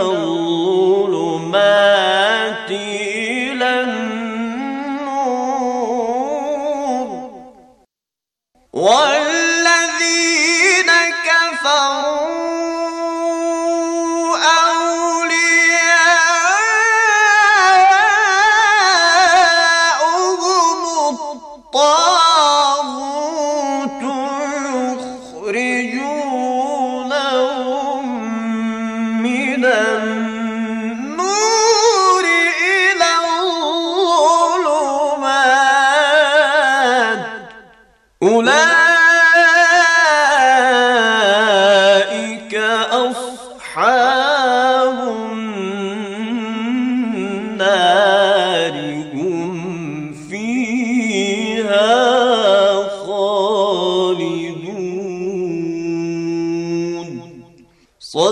الله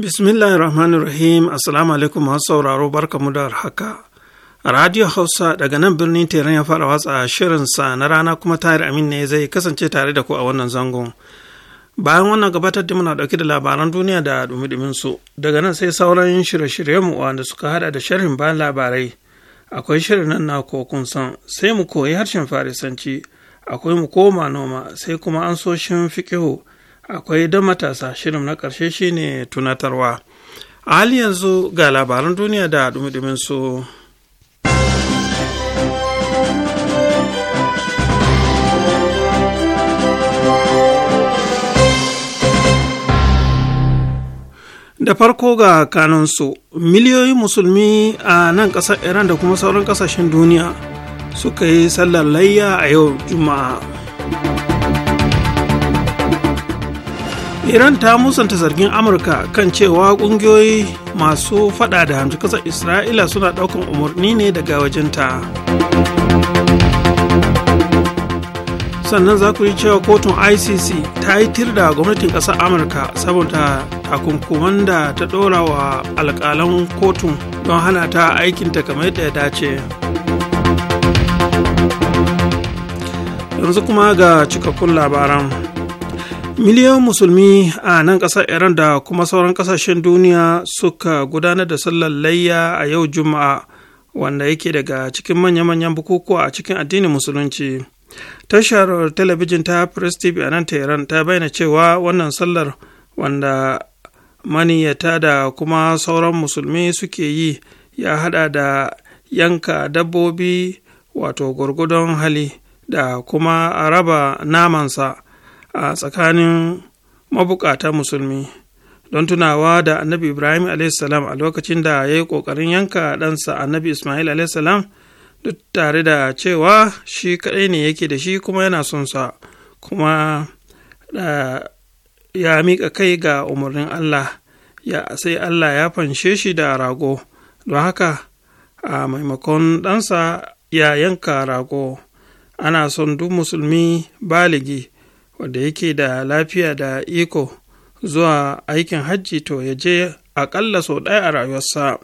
bismillahi rahim assalamu alaikum masu sauraro barkamu da haka radio hausa daga nan birnin teran ya fara watsa shirinsa na rana kuma tahir amin ne zai kasance tare da ku a wannan zangon bayan wannan gabatar da muna dauke da labaran duniya da dumi su daga nan sai sauran shirye mu wanda suka hada da sharhin bayan labarai akwai shirin nan na kokun san sai mu koyi harshen farisanci akwai mu koma noma sai kuma an soshin fikihu akwai don matasa shirin na ƙarshe shine tunatarwa a hali yanzu ga labaran duniya da dumi su da farko ga kanunsu miliyoyin musulmi a nan ƙasar iran da kuma sauran ƙasashen duniya suka yi sallar layya a yau juma'a iran ta musanta zargin amurka kan cewa kungiyoyi masu fada da hamshi kasar isra'ila suna daukan umarni ne daga wajenta sannan za ku yi cewa kotun icc ta yi tir da gwamnatin kasar amurka saboda takunkuman da ta dora wa alkalan kotun don hana ta aikinta kamar yadda ya dace yanzu kuma ga cikakkun labaran miliyan musulmi a nan ƙasar iran da kuma sauran ƙasashen duniya suka gudanar da sallar layya a yau juma'a wanda yake daga cikin manya-manyan bukukuwa a cikin addinin musulunci tashar talabijin ta press tv a nan tehran ta bayyana cewa wannan sallar wanda maniyata da kuma sauran musulmi suke yi ya hada da yanka dabbobi wato gwargwadon hali da kuma a raba namansa a tsakanin mabukata musulmi don tunawa da annabi ibrahim salam a lokacin da ya yi ƙoƙarin yanka ɗansa annabi ismail salam duk tare da cewa shi kaɗai ne yake da shi kuma yana son sa kuma ya miƙa kai ga umarnin allah ya sai allah ya fanshe shi da rago don haka a maimakon ɗansa ya yanka rago ana son duk musulmi baligi wanda yake da lafiya da iko zuwa aikin hajji to ya je aƙalla sau ɗaya a rayuwarsa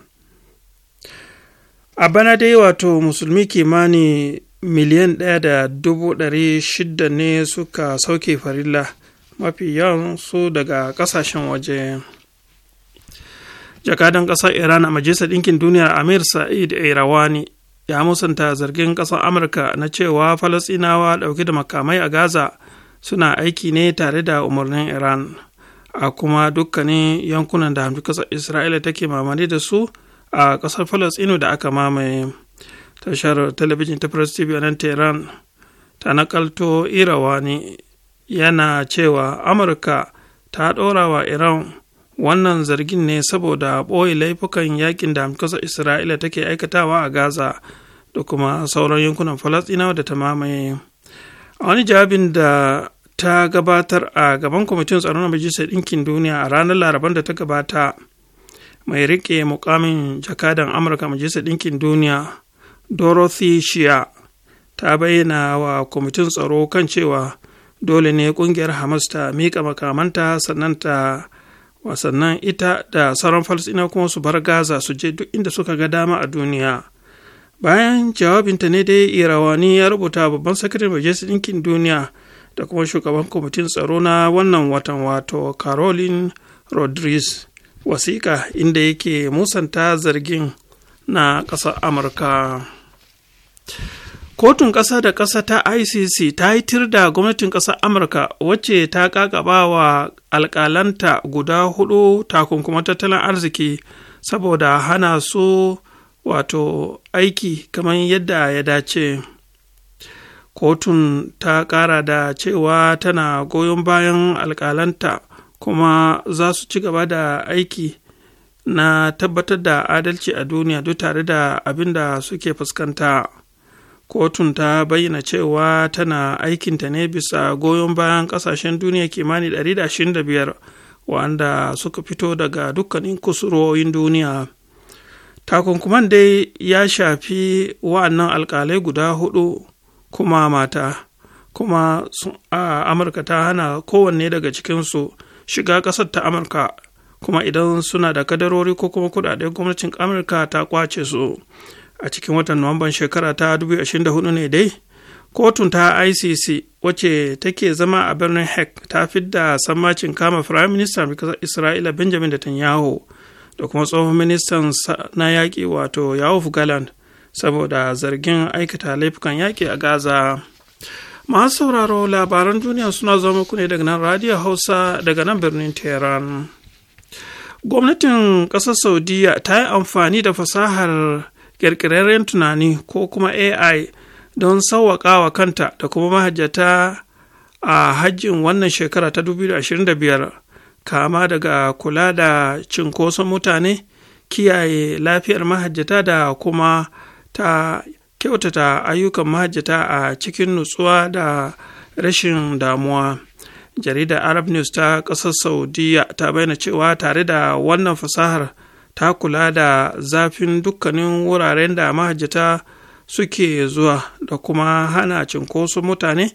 a bana dai wato musulmi kimani miliyan ɗaya da dubu ɗari shida ne suka sauke farilla mafi yawan su daga ƙasashen waje jakadan ƙasar iran a majalisar ɗinkin duniya amir sa'id irawani ya musanta zargin ƙasar amurka na cewa falasinawa ɗauke da makamai a gaza suna aiki ne tare da umarnin iran a kuma dukkanin yankunan da hamshi ƙasar isra'ila take mamani da su a ƙasar falastinu da aka mamaye tashar talabijin ta press tv a nan tehran ta nakalto irawani yana cewa amurka ta ɗora wa iran wannan zargin ne saboda ɓoye laifukan yakin da kasar isra'ila take aikatawa a gaza da kuma sauran yankunan falastinawa da ta mamaye a wani jawabin da ta gabatar a gaban kwamitin tsaron na majalisar ɗinkin duniya a ranar laraban da ta gabata mai riƙe mukamin jakadan amurka majalisar ɗinkin duniya dorothy shia ta bayyana wa kwamitin tsaro kan cewa dole ne ƙungiyar hamas ta miƙa makamanta sannan ta wasannan ita da sauran falasina kuma su bar gaza su je duk inda suka ga dama a duniya bayan jawabinta ne dai irawani ya rubuta babban sakataren majalisar ɗinkin duniya da kuma shugaban kwamitin tsaro na wannan watan wato caroline rodriguez wasiƙa inda yake musanta zargin na ƙasar amurka kotun ƙasa da ƙasa ta icc ta yi tir da gwamnatin ƙasar amurka wacce ta ƙaƙaba wa alƙalanta guda hudu takunkuma tattalin arziki saboda hana su so wato aiki kamar yadda ya dace kotun ta ƙara da cewa tana goyon bayan alƙalanta kuma za su ci gaba da aiki na tabbatar da adalci a duniya duk tare da abin da suke fuskanta kotun ta bayyana cewa tana aikinta ne bisa goyon bayan ƙasashen duniya kimanin 125 wanda suka fito daga dukkanin kusurwoyin duniya takunkuman dai ya shafi wa'annan alkalai guda hudu kuma mata kuma a amurka ta hana kowanne daga cikinsu shiga ƙasar ta amurka kuma idan suna da kadarori ko kuma kudaden gwamnatin amurka ta kwace su a cikin watan nuwamban shekara ta 2024 ne dai kotun ta icc wacce take zama a birnin hek ta fidda sammacin kama firayim minista isra'ila benjamin da netanyahu da kuma tsohon ministan na yaƙi wato yawuf galand saboda zargin aikata laifukan yaƙi a gaza masu sauraro labaran duniya suna zama muku ne daga nan radio hausa daga nan birnin tehran gwamnatin ƙasar saudiya ta yi amfani da fasahar ƙirƙirarren tunani ko kuma ai don sauwaƙa kanta da kuma mahajjata a hajjin wannan shekara ta 2025 kama daga kula da cinkoson mutane kiyaye lafiyar mahajjata da kuma ta kyautata ayyukan mahajjata a cikin nutsuwa da rashin damuwa jaridar arab news ta ƙasar saudiya ta bayyana cewa tare da wannan fasahar ta kula da zafin dukkanin wuraren da mahajjata suke zuwa da kuma hana cinkoson mutane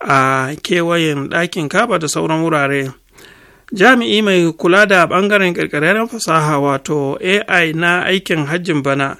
a kewayen ɗakin kaba da sauran wurare. jami'i mai kula da ɓangaren ƙirƙirarren fasaha wato ai na aikin hajjin bana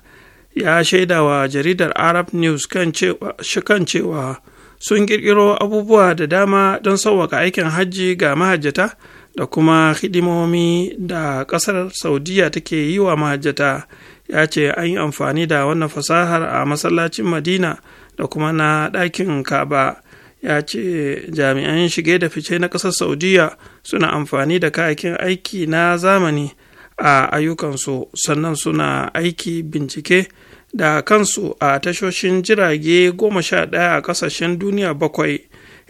ya shaida wa jaridar arab news kan cewa sun ƙirƙiro abubuwa da dama don sauwaka aikin hajji ga mahajjata da kuma hidimomi da ƙasar saudiya take yi wa mahajjata ya ce an yi amfani da wannan fasahar a masallacin madina da kuma na ɗakin kaba ya ce jami'an shige da fice na ƙasar saudiya suna amfani da kayakin aiki na zamani a ayyukansu sannan suna aiki bincike da kansu a tashoshin jirage goma sha ɗaya a ƙasashen duniya bakwai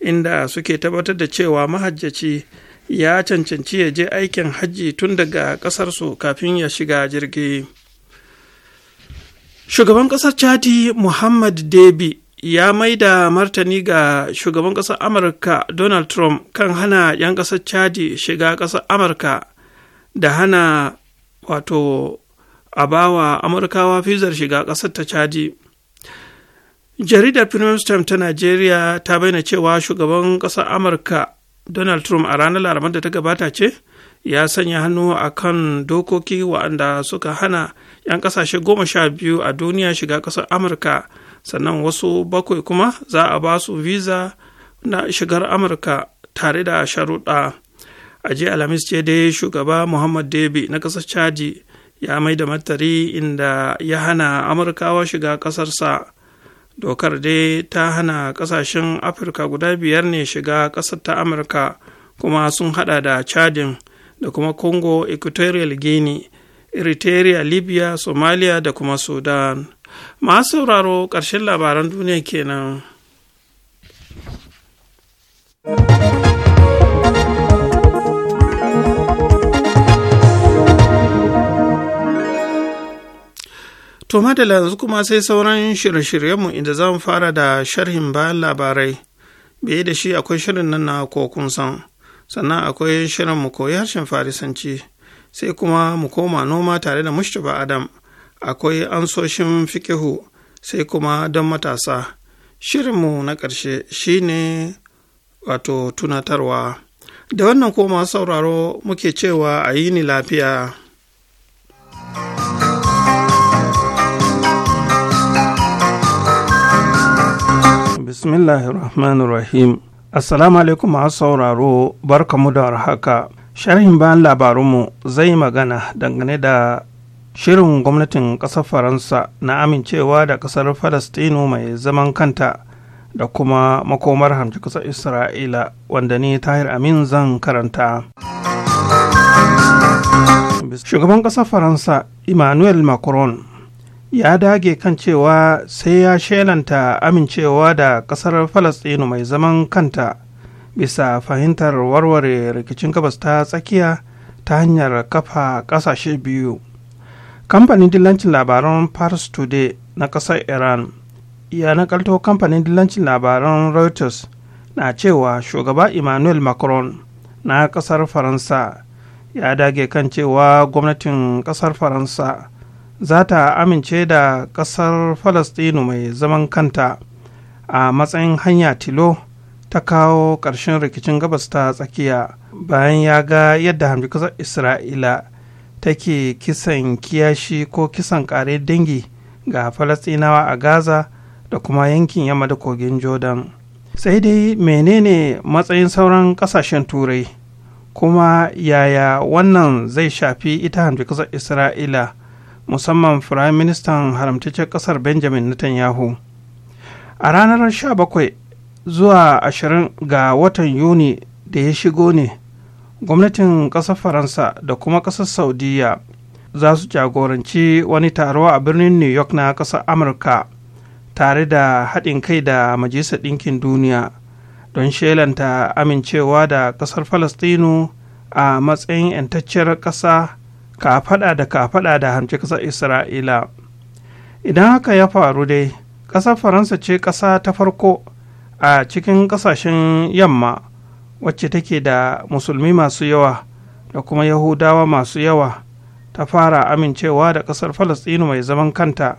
inda suke tabbatar da cewa mahajjaci ya cancanci ya je aikin hajji tun daga ƙasarsu kafin ya shiga jirgi shugaban ƙasar chadi muhammad debi ya maida martani ga shugaban ƙasar amurka donald trump kan hana 'yan ƙasar chadi shiga ƙasar amurka da hana wato abawa amurkawa fizar shiga ƙasar ta chadi jaridar premium ta najeriya ta bayyana cewa shugaban ƙasar amurka donald trump a ranar larabar da ta gabata ce ya sanya hannu a kan dokoki waɗanda suka hana 'yan ƙasashe goma sha biyu a duniya shiga ƙasar amurka sannan wasu bakwai kuma za a ba su visa na shigar amurka tare da sharuɗa a jiya alhamis ce dai shugaba muhammad debi na ƙasar chadi ya mai da martari inda ya hana amurkawa shiga ƙasarsa dokar dai ta hana ƙasashen afirka guda biyar ne shiga ƙasar ta amurka kuma sun hada da chadin da kuma congo equatorial guinea eritrea libya somalia da kuma sudan masu sauraro ƙarshen labaran duniya kenan. To madala yanzu kuma sai sauran shirye-shiryenmu inda za mu fara da sharhin bayan labarai, biye da shi akwai shirin nan na kokun san, sannan akwai shirin mu koyi harshen farisanci, sai kuma mu koma noma tare da Mustapha Adam. akwai ansoshin fikihu sai kuma don matasa shirinmu na ƙarshe shi ne wato tunatarwa da wannan koma sauraro muke cewa a yi ni lafiya rahim assalamu alaikum masu sauraro barkamu da warhaka sharhin bayan labarunmu zai magana dangane da shirin gwamnatin ƙasar faransa na amincewa da ƙasar falastinu mai zaman kanta da kuma makomar hamci ƙasar isra'ila wanda ni tahir amin zan karanta shugaban ƙasar faransa emmanuel macron ya dage kan cewa sai ya shelanta amincewa da ƙasar falastinu mai zaman kanta bisa fahimtar warware rikicin gabas ta tsakiya ta hanyar kafa ƙasashe biyu kamfanin dillancin labaran paris today na ƙasar iran ya nakalto kamfanin dillancin labaran reuters na cewa shugaba emmanuel macron na ƙasar faransa ya dage kan cewa gwamnatin ƙasar faransa za ta amince da ƙasar falastinu mai zaman kanta a matsayin hanya tilo ta kawo ƙarshen rikicin gabas ta tsakiya bayan ya ga yadda hamdi ƙasar isra'ila take kisan kiyashi ko kisan kare dangi ga falastinawa a gaza da kuma yankin yamma da kogin jordan sai dai menene matsayin sauran ƙasashen turai kuma yaya wannan zai shafi ita hamdi kasar isra'ila musamman firayim ministan haramtaccen kasar benjamin netanyahu a ranar 17 zuwa 20 ga watan yuni da ya shigo ne gwamnatin ƙasar faransa da kuma ƙasar saudiya za su jagoranci wani taro a birnin new york na ƙasar amurka tare da haɗin kai da majalisar ɗinkin duniya don shelanta amincewa da ƙasar falastinu a matsayin 'yantacciyar ƙasa kafaɗa da kafaɗa da hamci ƙasar isra'ila idan haka ya faru dai ƙasar faransa ce ƙasa ta farko a cikin ƙasashen yamma wacce take da musulmi masu yawa da kuma yahudawa masu yawa ta fara amincewa da ƙasar falastinu mai zaman kanta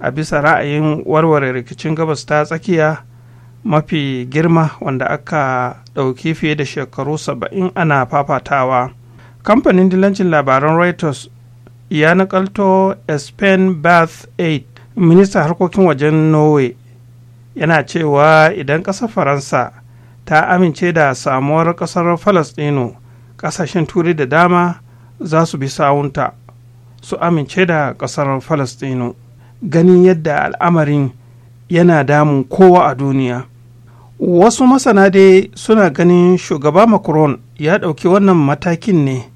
a bisa ra'ayin warware rikicin gabas ta tsakiya mafi girma wanda aka ɗauki fiye da shekaru saba'in ana fafatawa kamfanin dilancin labaran reuters ya nakalto spain bath 8 ministan harkokin wajen norway yana cewa idan ƙasar faransa ta amince da samuwar ƙasar falastino ƙasashen turai da dama za su bi sawunta su amince da ƙasar falastino ganin yadda al'amarin yana damun kowa a duniya wasu masana dai suna ganin shugaba macron ya ɗauki wannan matakin ne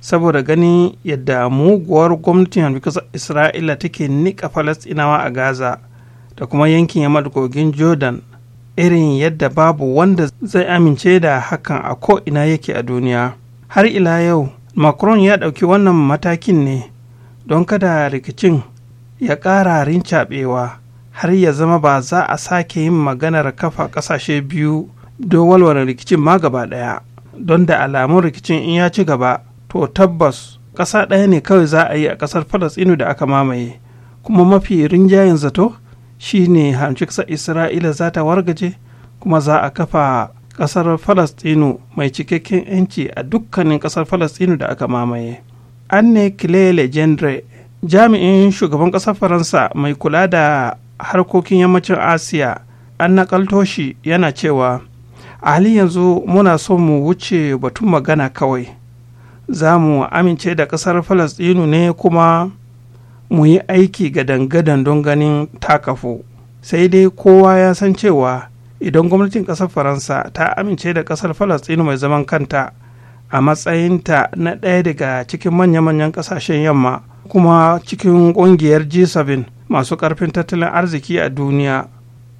saboda ganin yadda muguwar gwamnatin hamdukasar isra'ila take niƙa Falasɗinawa a gaza da kuma yankin yamma da kogin jordan irin yadda babu wanda zai amince da hakan a ina yake a duniya har ila yau macron ya ɗauki wannan matakin ne don kada rikicin ya ƙara rincaɓewa har ya zama ba za a sake yin maganar kafa ƙasashe biyu don walwala rikicin ma gaba ɗaya don da alamun rikicin in ya ci gaba to tabbas ƙasa ɗaya ne kawai za a yi a ƙasar falasɗinu da aka mamaye kuma mafi rinjayen zato shi ne hamshiksa isra'ila za ta wargaje kuma za a kafa ƙasar falastinu mai cikakken 'yanci a dukkanin ƙasar falastinu da aka mamaye anne kilele gendre jami'in shugaban ƙasar faransa mai kula da harkokin yammacin asiya an nakalto shi yana cewa a halin yanzu muna so mu wuce batun magana kawai za mu amince da ƙasar falastinu ne kuma mu yi aiki ga dangadan don ganin takafu sai dai kowa ya san cewa idan gwamnatin ƙasar faransa ta amince da ƙasar falastinu mai zaman kanta a matsayinta na ɗaya daga cikin manya-manyan ƙasashen yamma kuma cikin ƙungiyar g7 masu ƙarfin tattalin arziki a duniya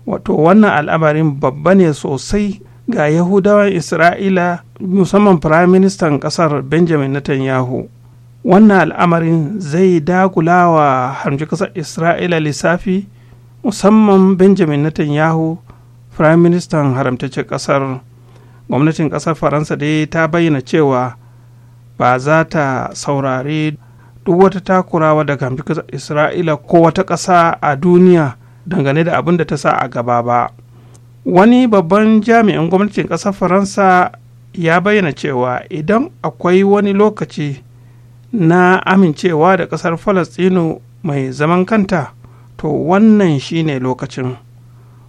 wato wannan al'amarin babba ne sosai ga yahudawan isra'ila musamman firaministan ƙasar benjamin netanyahu wannan al'amarin zai dakula wa harmci ƙasar isra'ila lissafi musamman benjamin netanyahu firayim ministan haramtaccen ƙasar gwamnatin ƙasar faransa dai ta bayyana cewa ba za ta saurari duk wata takurawa daga hamfikar isra'ila ko wata ƙasa a duniya dangane da abin da ta sa a gaba ba wani babban jami'in gwamnatin ƙasar faransa ya bayyana cewa idan akwai wani lokaci na amincewa da ƙasar falastinu mai zaman kanta to wannan shine lokacin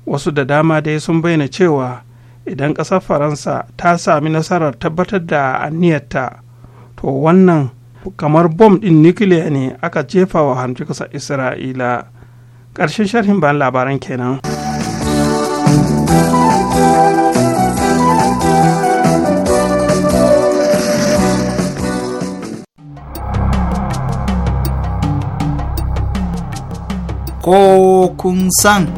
wasu da dama dai sun bayyana cewa idan ƙasar faransa ta sami nasarar tabbatar da aniyarta to wannan kamar bom ɗin nukiliya ne aka jefa wa hamci ƙasar isra'ila ƙarshen sharhin bayan labaran kenan. ko kun san.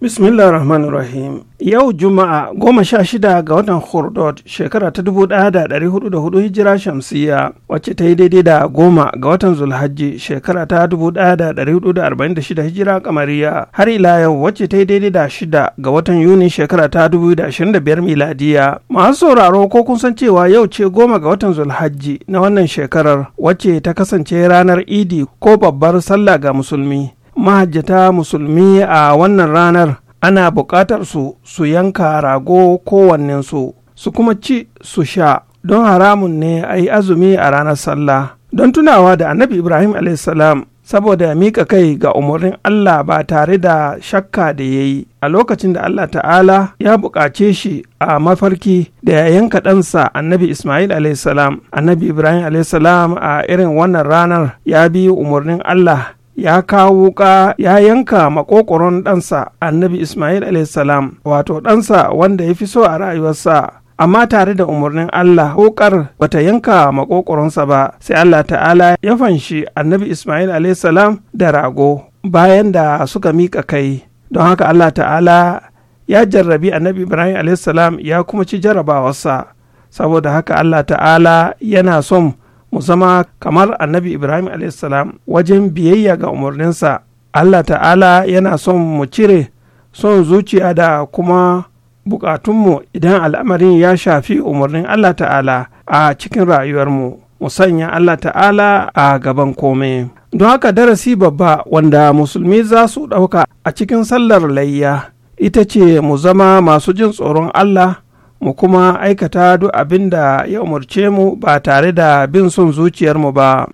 Bismillah rahman rahim Yau Juma'a goma sha shida ga watan Hordod shekara ta dubu ɗaya da ɗari hudu da hudu hijira shamsiya wacce ta yi daidai da goma ga watan Zulhajji shekara ta dubu ɗaya da ɗari hudu da arba'in da shida hijira kamariya har ila yau wacce ta yi daidai da shida ga watan Yuni shekara ta dubu da ashirin da biyar miladiya. Masu sauraro ko kun san cewa yau ce goma ga watan Zulhajji na wannan shekarar wacce ta kasance ranar Idi ko babbar sallah ga musulmi. Mahajjata musulmi a wannan ranar ana buƙatar su su yanka rago kowannensu su kuma ci su sha don haramun ne a yi azumi a ranar sallah don tunawa da annabi ibrahim salam saboda ya miƙa kai ga umarnin allah ba tare da shakka da ya yi a lokacin da allah ta'ala ya buƙace shi a mafarki da ya yanka ɗansa annabi ismail salam annabi ibrahim salam a irin wannan ranar ya bi umarnin allah ya kawo wuka ya yanka makokoron ɗansa annabi Ismail salam wato ɗansa wanda ya fi so a rayuwarsa. Amma tare da umarnin Allah wukar bata yanka makokoronsa ba sai Allah ta'ala ya fanshi annabi Ismail salam da rago bayan da suka miƙa kai. Don haka Allah ta'ala ya jarrabi annabi Ibrahim salam ya kuma ci jarrabawarsa. Saboda haka Allah ta'ala yana son mu zama kamar annabi ibrahim Salam wajen biyayya ga umarninsa allah ta'ala yana son mu cire son zuciya da kuma bukatunmu idan al'amarin ya shafi umarnin allah ta'ala a cikin rayuwarmu mu sanya allah ta'ala a gaban kome don haka darasi babba wanda musulmi za su ɗauka a cikin sallar layya ita ce mu zama masu jin tsoron allah mu kuma aikata duk abin da ya umarce mu ba tare da bin son zuciyarmu ba.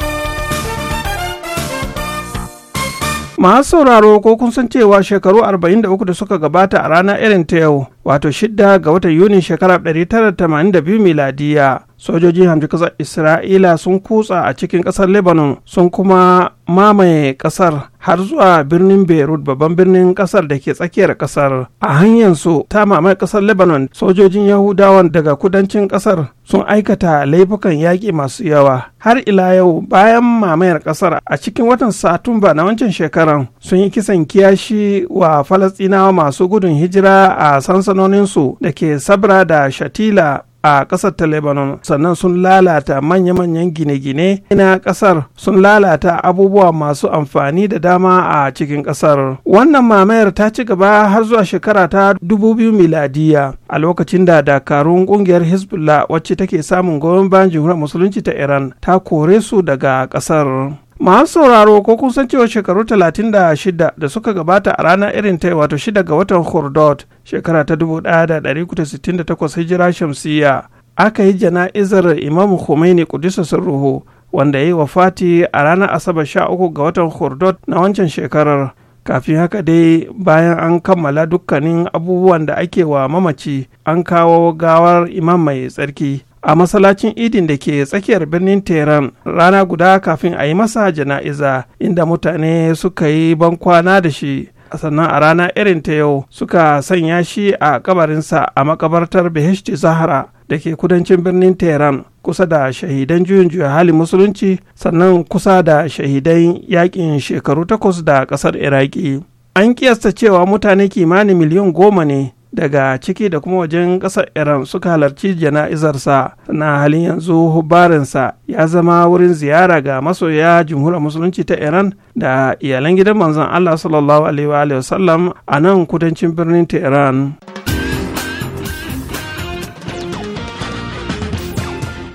masu sauraro ko kun san cewa shekaru arba'in da uku da suka gabata a rana irin ta yau wato shidda ga watan yuni shekarar 1982 miladiya sojojin hamji kasar isra'ila sun kutsa a cikin kasar lebanon sun kuma mamaye kasar har zuwa birnin beirut babban birnin kasar da ke tsakiyar kasar a hanyar su ta mamaye kasar lebanon sojojin yahudawan daga kudancin kasar sun aikata laifukan yaƙi masu yawa har ila yau bayan mamayar kasar a cikin watan satumba na wancan shekaran sun yi kisan kiyashi wa falastinawa masu gudun hijira a sansan sansanoninsu da ke sabra da shatila a ƙasar ta lebanon sannan sun lalata manya-manyan gine-gine na ƙasar sun lalata abubuwa masu amfani da dama a cikin ƙasar wannan mamayar ta ci gaba har zuwa shekara ta 2000 miladiya a lokacin da dakarun ƙungiyar hezbollah wacce take samun goyon bayan jihunar musulunci ta iran ta kore su daga ƙasar masu sauraro ko kun san cewa shekaru 36 da suka gabata a ranar irin ta wato 6 ga watan Hordot shekara ta 1968 hijira shamsiya aka yi jana'izar imam khomeini kudisa ruhu wanda ya yi wafati a ranar asabar 13 ga watan Hordot na wancan shekarar kafin haka dai bayan an kammala dukkanin abubuwan da ake wa mamaci an kawo gawar imam mai tsarki a masallacin idin da ke tsakiyar birnin tehran rana guda kafin a yi masa jana'iza inda mutane suka yi bankwana da shi sannan a rana irin ta yau suka sanya shi a kabarinsa a makabartar beheshti zahara da ke kudancin birnin tehran kusa da shahidan juyin juya hali musulunci sannan kusa da shahidan yakin shekaru takwas da kasar iraki an kiyasta cewa mutane kimanin miliyan goma ne daga ciki da kuma wajen ƙasar iran suka halarci jana'izarsa na halin yanzu hubarinsa ya zama wurin ziyara ga masoya jumhuriyar musulunci ta iran da iyalan gidan manzon allah sallallahu alaihi wa a nan kudancin birnin tehran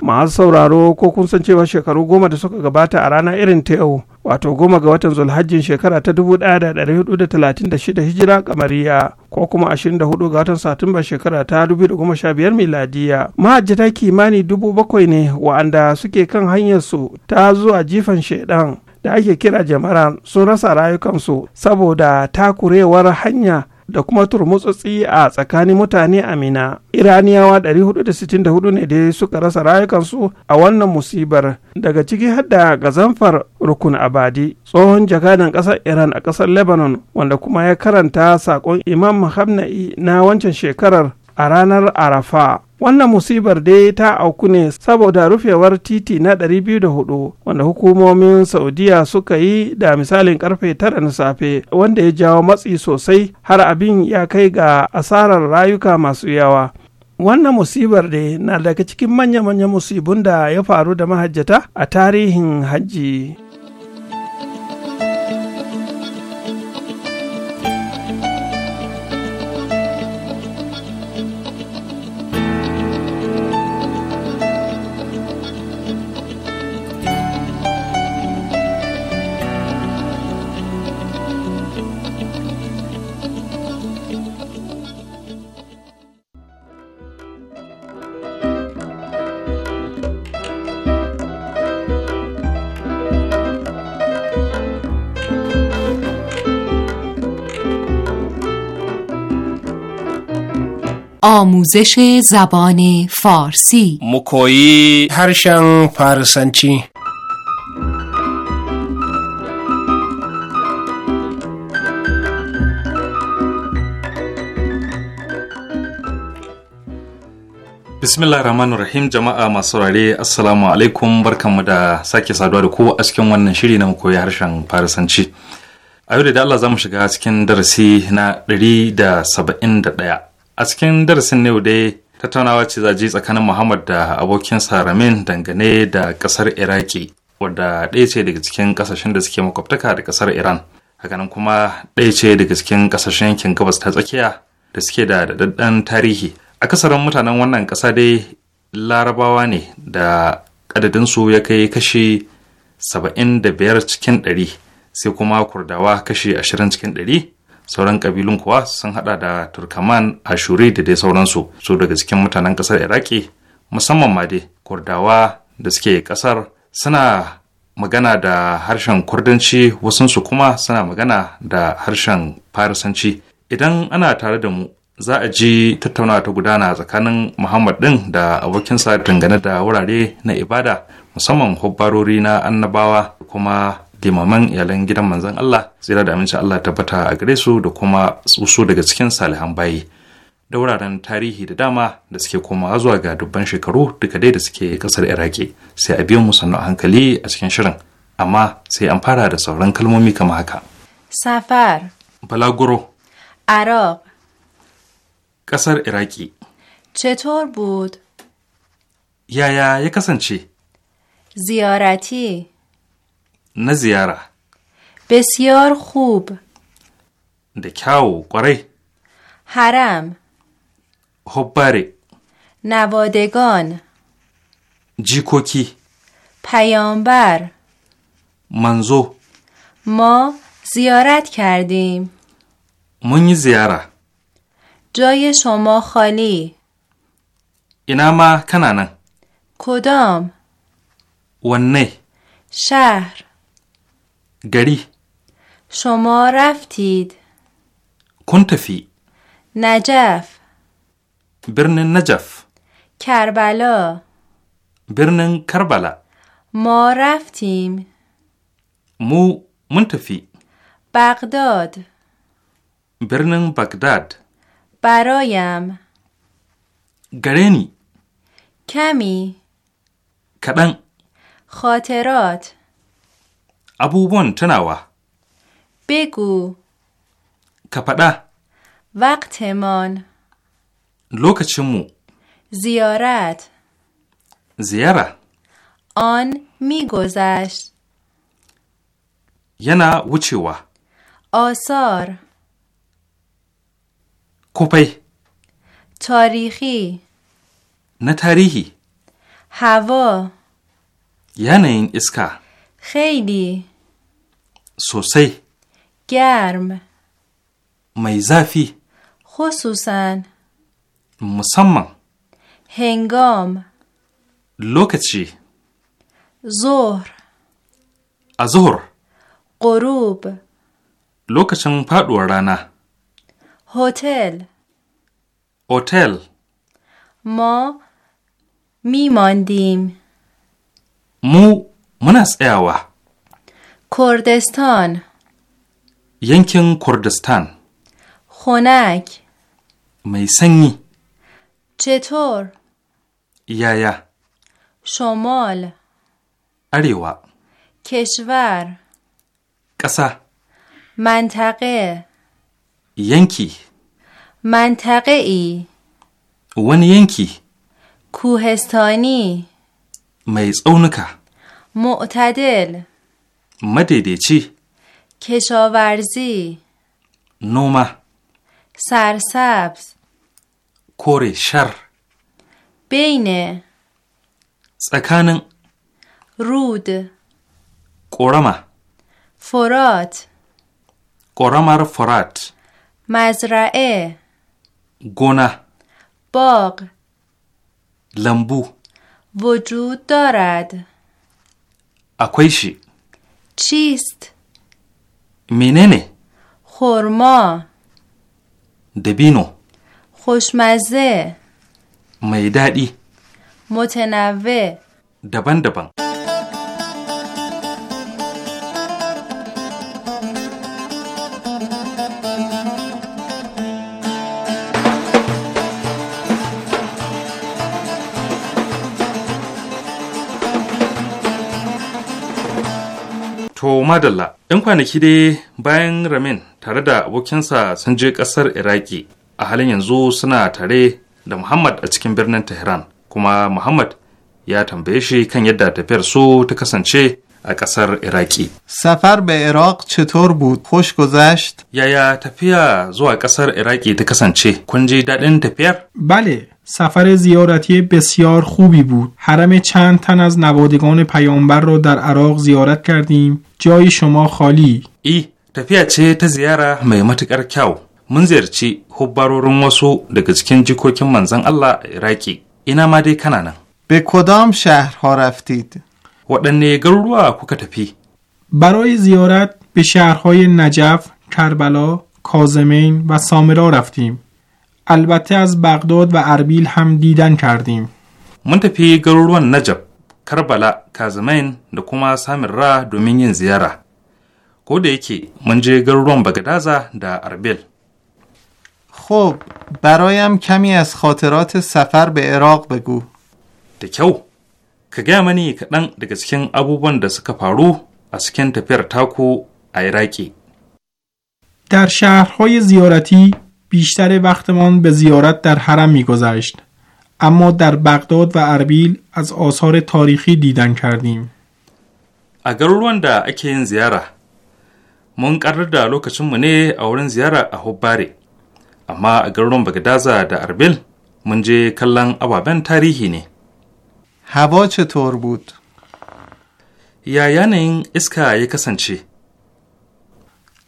masu sauraro ko kun san cewa shekaru goma da suka gabata a rana irin ta yau wato goma ga watan zulhajjin shekara ta 1436 hijira kamariya ko kuma 24 ga watan satumba shekara ta 2015 miladiya mahajjata kimani dubu bakwai ne wa'anda suke kan hanyarsu ta zuwa jifan shaidan da ake kira jamara sun rasa rayukansu saboda takurewar hanya da kuma turmutsutsi a tsakanin mutane a mina iraniyawa 464 ne dai suka rasa rayukansu a wannan musibar daga ciki hadda gazanfar rukun abadi tsohon jakadan ƙasar iran a ƙasar lebanon wanda kuma ya karanta saƙon imam hamna'i na wancan shekarar a ranar arafa wannan musibar dai ta auku ne saboda rufewar titi na 204 wanda hukumomin saudiya suka yi da misalin karfe 9 na safe wanda ya jawo matsi sosai har abin ya kai ga asarar rayuka masu yawa wannan musibar dai na daga cikin manya-manyan musibun da ya faru da mahajjata a tarihin hajji. آموزش زبان فارسی مکویی هرشن فارسنچی bismillah rahmanu rahim jama'a masu rare assalamu alaikum barkanmu da sake saduwa da ku a cikin wannan shiri na mu koyi harshen farisanci a yau da Allah za mu shiga cikin darasi na 171 a cikin darasin yau dai tattaunawa ce zaji tsakanin muhammad da abokinsa ramin dangane da kasar iraki wadda ɗaya ce daga cikin kasashen da suke makwabtaka da kasar iran hakanan kuma ɗaya ce daga cikin kasashen yankin gabas ta tsakiya da suke da daɗaɗɗen tarihi akasarin mutanen wannan kasa dai larabawa ne da adadinsu ya kai kashi 75 cikin 100 sai kuma kurdawa kashi 20 cikin 100 sauran kabilun kuwa sun hada da turkaman ashuri da dai sauransu su daga cikin mutanen kasar iraki musamman ma dai kurdawa da suke kasar suna magana da harshen kurdanci wasunsu kuma suna magana da harshen farisanci idan ana tare da mu za a ji tattaunawa ta gudana tsakanin muhammad din da abokinsa dangane da wurare na ibada musamman hubbarori na annabawa kuma limaman iyalan gidan manzon allah tsira da amincin Allah tabbata a gare su da kuma tsuso daga cikin salihan bayi da wuraren tarihi da dama da suke koma zuwa ga dubban shekaru duka dai da suke kasar iraki sai a biyo mu a hankali a cikin shirin amma sai an fara da sauran kalmomi kamar haka safar balaguro arab kasar iraki cetor bud Yaya ya kasance. ziyarati Na ziyara. بسیار خوب ده کیاو حرم حباره نوادگان جیکوکی پیامبر منزو ما زیارت کردیم منی زیاره جای شما خالی اینا ما کدام ونه شهر گری شما رفتید کنت فی نجف برن نجف کربلا برن کربلا ما رفتیم مو منتفی بغداد برن بغداد برایم گرنی کمی کدن خاطرات ابوبون تناوه بگو کپدا وقتمان لوکچمو زیارت زیاره آن میگذشت ینا وچیوا آثار کوپی تاریخی نه تاریخی هوا یعنی این اسکا خیلی سوسی گرم می خصوصا مسمم هنگام لوکچی ظهر ازهر غروب لوکچن پادوار هتل هتل ما میماندیم مو مناس ایوه کردستان yankin Kurdistan. Honak. Mai sanyi. Cetor. Yaya. Shomol. Arewa. Keshwar. Ƙasa. Mantaƙe. Yanki. Mantaƙe'i. Wani yanki. Kuhestani. Mai tsaunuka. Mu'tadil. Madaidaici. کشاورزی نومه سرسبز کوری شر بین سکانن رود قرمه فرات قرمه فرات مزرعه گونه باغ لمبو وجود دارد اکویشی چیست؟ مننه خورما دبینو خوشمزه میدادی متنوع دبن دبن madalla, ‘yan kwanaki dai bayan Ramin tare da abokinsa sun je ƙasar Iraki a halin yanzu suna tare da Muhammad a cikin birnin Tehran, kuma Muhammad ya tambaye shi kan yadda tafiyar su ta kasance a ƙasar Iraki. Safar be Iraq چطور بود؟ خوش gozasht? Yaya tafiya zuwa ƙasar Iraki ta kasance? Kun ji daɗin tafiyar? Bale, سفر زیارتی بسیار خوبی بود حرم چند تن از نوادگان پیامبر را در عراق زیارت کردیم جای شما خالی ای تفیه چه تا زیاره میمت کرکاو من زیرچی حبارورون واسو daga cikin jikokin کم منزن الله رایکی. اینا ما دی به کدام شهرها رفتید و garuruwa کوکا تفی برای زیارت به شهرهای نجف، کربلا، کازمین و سامرا رفتیم البته از بغداد و اربیل هم دیدن کردیم من تفی گروروان نجب کربلا کازمین da kuma samirra domin yin ziyara ko da yake mun je garuruwan bagadaza da arbil خب برایم کمی از خاطرات سفر به عراق بگو da kyau ka gaya mani kaɗan daga cikin abubuwan da suka faru a cikin tafiyar taku a iraki در شهرهای زیارتی بیشتر وقتمان به زیارت در حرم می گذشت. اما در بغداد و اربیل از آثار تاریخی دیدن کردیم. اگر روان در اکی این زیاره من قرد در لوک چون منی اولین زیاره اما اگر روان بگدازه در اربیل جه کلن اوابین تاریخی نی. هوا چطور بود؟ یا یعنی این اسکا یکسن چی؟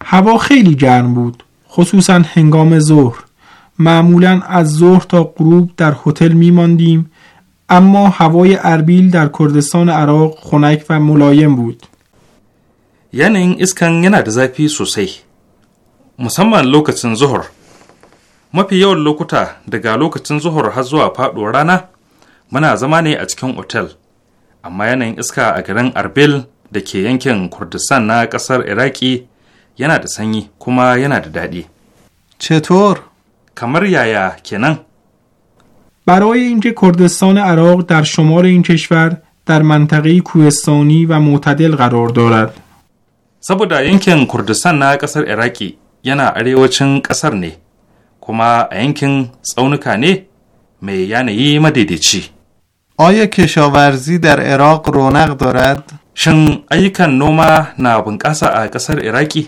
هوا خیلی گرم بود. خصوصا هنگام ظهر معمولا از ظهر تا غروب در هتل میماندیم اما هوای اربیل در کردستان عراق خنک و ملایم بود یعنی اسکان یانا د زافی سوسی مسمان لوکاتن ظهر مفی یو لوکوتا دگا لوکاتن ظهر ها زوا فادو رانا منا زمانه ا چکن اوتل اما یعنی اسکا ا گران اربیل دکی یانکن کوردستان نه قصر عراقی yana da sanyi kuma yana da daɗi. چطور؟ کمر یایا کنن برای اینکه کردستان عراق در شمال این کشور در منطقه کوهستانی و معتدل قرار دارد. saboda yankin kurdistan na kasar iraki yana arewacin kasar ne kuma a yankin tsaunuka ne mai yanayi madaidaici آیا کشاورزی در عراق رونق دارد؟ shin ayyukan noma na bunƙasa a ƙasar iraki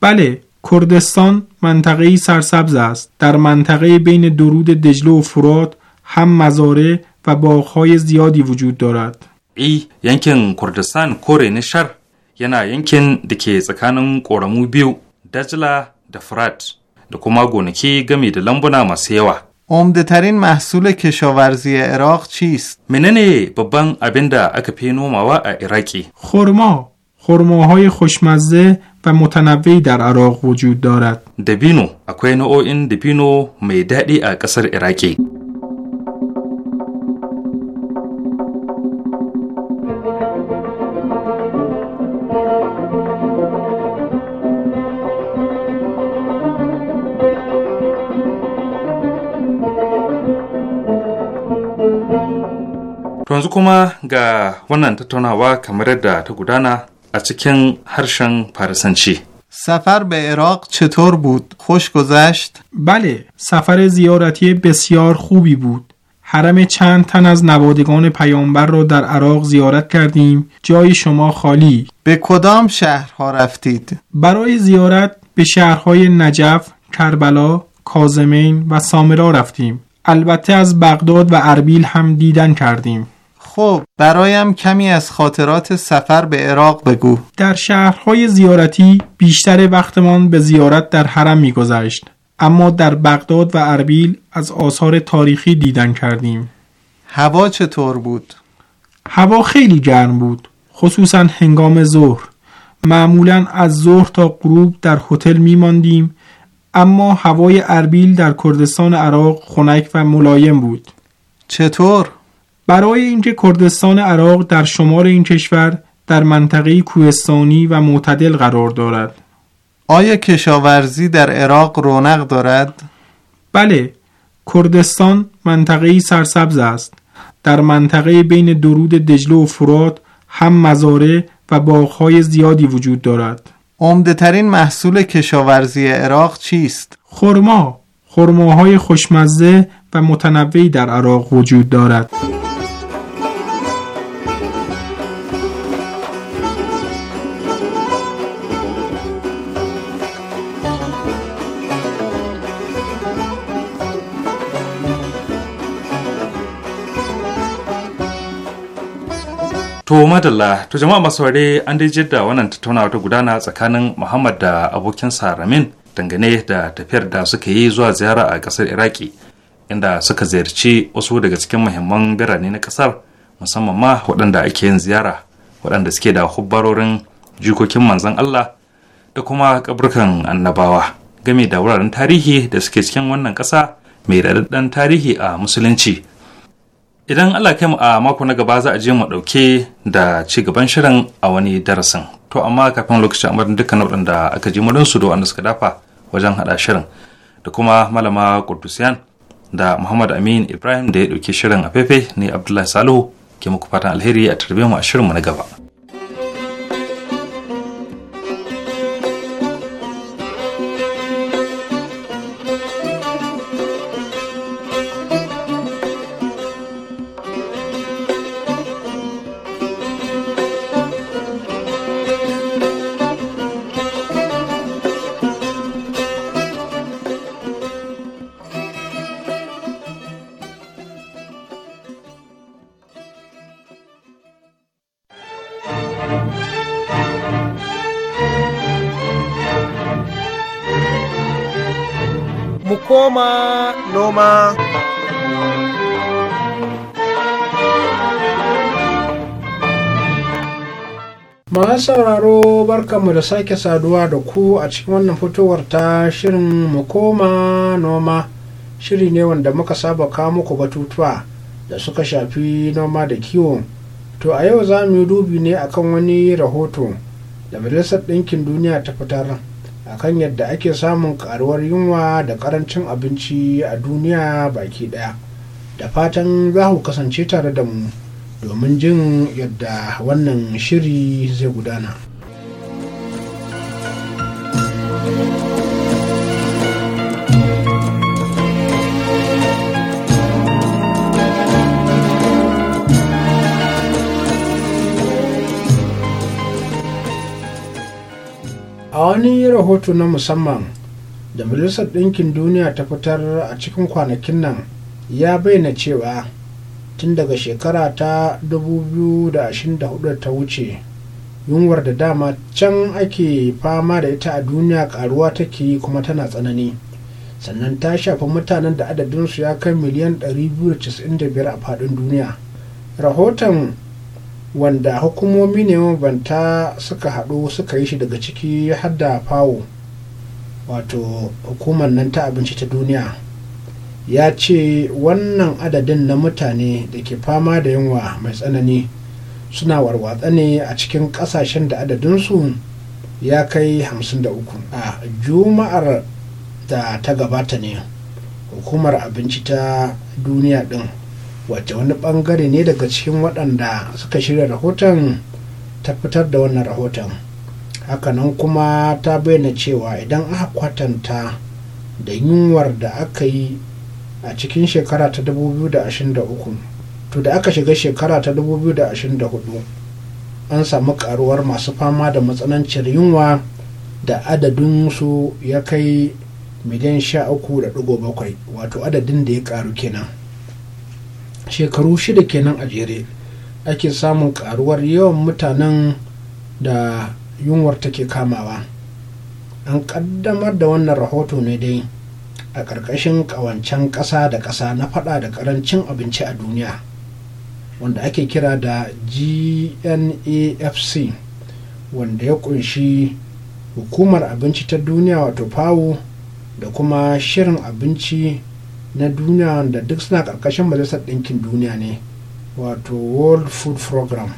بله کردستان منطقه سرسبز است در منطقه بین درود دجله و فرات هم مزاره و باغهای زیادی وجود دارد ای یعنی کردستان کره نشر شر یعنی ینکن دکه کورمو بیو. دجله biyu دفرات. د فرات گمید kuma گونکی گمی د محصول کشاورزی عراق چیست؟ مننه ببن ابنده اکپینو aka ایراکی. خورما. خرماهای خوشمزه و متنوعی در عراق وجود دارد. دبینو اکوی این دبینو میدادی اکسر عراقی. yanzu kuma ga wannan tattaunawa kamar yadda ta gudana چکن هرشن پرسنچی سفر به عراق چطور بود؟ خوش گذشت؟ بله، سفر زیارتی بسیار خوبی بود. حرم چند تن از نوادگان پیامبر را در عراق زیارت کردیم. جای شما خالی. به کدام شهرها رفتید؟ برای زیارت به شهرهای نجف، کربلا، کازمین و سامرا رفتیم. البته از بغداد و اربیل هم دیدن کردیم. خب برایم کمی از خاطرات سفر به عراق بگو در شهرهای زیارتی بیشتر وقتمان به زیارت در حرم میگذشت اما در بغداد و اربیل از آثار تاریخی دیدن کردیم هوا چطور بود؟ هوا خیلی گرم بود خصوصا هنگام ظهر معمولا از ظهر تا غروب در هتل میماندیم اما هوای اربیل در کردستان عراق خنک و ملایم بود چطور برای اینکه کردستان عراق در شمال این کشور در منطقه کوهستانی و معتدل قرار دارد آیا کشاورزی در عراق رونق دارد؟ بله کردستان منطقه سرسبز است در منطقه بین درود دجله و فرات هم مزاره و باغهای زیادی وجود دارد ترین محصول کشاورزی عراق چیست؟ خرما خرماهای خوشمزه و متنوعی در عراق وجود دارد To madalla, to jama'a masu ware an dai da wannan tattaunawa ta gudana tsakanin Muhammad da abokinsa Ramin dangane da tafiyar da suka yi zuwa ziyara a ƙasar Iraki, inda suka ziyarci wasu daga cikin muhimman birane na ƙasar, musamman ma waɗanda ake yin ziyara, waɗanda suke da hubbarorin jikokin manzon Allah da kuma ƙabrukan annabawa game da wuraren tarihi da suke cikin wannan ƙasa mai daɗaɗɗen tarihi a musulunci idan Allah kai mu a mako na gaba za a je mu ɗauke da ci gaban shirin a wani darasin to amma kafin lokacin amarin dukkan waɗanda aka ji murin su da wanda suka dafa wajen haɗa shirin da kuma malama Qudusiyan da Muhammad Amin Ibrahim da ya ɗauki shirin a fefe ne Abdullahi Salihu ke muku fatan alheri a tarbe mu a shirin mu na gaba. noma masu sauraro barkanmu da sake saduwa da ku a cikin wannan fitowar ta shirin mu koma noma shiri ne wanda muka saba kawo muku batutuwa da suka shafi noma da kiwo to a yau za mu yi dubi ne akan wani rahoto da majalisar ɗinkin duniya ta fitar A kan yadda ake samun karuwar yunwa da karancin abinci a duniya baki daya da fatan za ku kasance tare da mu domin jin yadda wannan shiri zai gudana. wani rahoto na musamman da majalisar ɗinkin duniya ta fitar a cikin kwanakin nan ya bayyana cewa tun daga shekara ta 2024 ta wuce yunwar da dama can ake fama da ita a duniya karuwa take yi kuma tana tsanani sannan ta shafi mutanen da adadinsu ya kai miliyan 295 a faɗin duniya rahoton wanda hukumomi ne mabanta suka haɗu suka yi shi daga ciki hadda fawo wato hukumar nan ta abinci ta duniya ya ce wannan adadin na mutane da ke fama da yunwa mai tsanani suna warwatsa ne a cikin ƙasashen da adadinsu ya kai 53 a juma'ar da ta gabata ne hukumar abinci ta duniya ɗin wacce wani bangare ne daga cikin waɗanda suka shirya rahoton ta fitar da wannan rahoton hakanan kuma ta bayyana cewa idan aka kwatanta da yunwar da aka yi a cikin shekara ta 2023 to da aka shiga shekara ta 2024 an samu karuwar masu fama da matsananciyar yunwa da adadin su ya kai miliyan 13.7 wato adadin da ya karu kenan shekaru shida kenan a jere ake samun karuwar yawan mutanen da yunwar take kamawa an kaddamar da wannan rahoto ne dai a ƙarƙashin ƙawancen ƙasa da ƙasa na faɗa da ƙarancin abinci a duniya wanda ake kira da gnafc wanda ya kunshi hukumar abinci ta duniya wato fawo da kuma shirin abinci na duniya da duk suna ƙarƙashin majalisar ɗinkin duniya ne wato world food program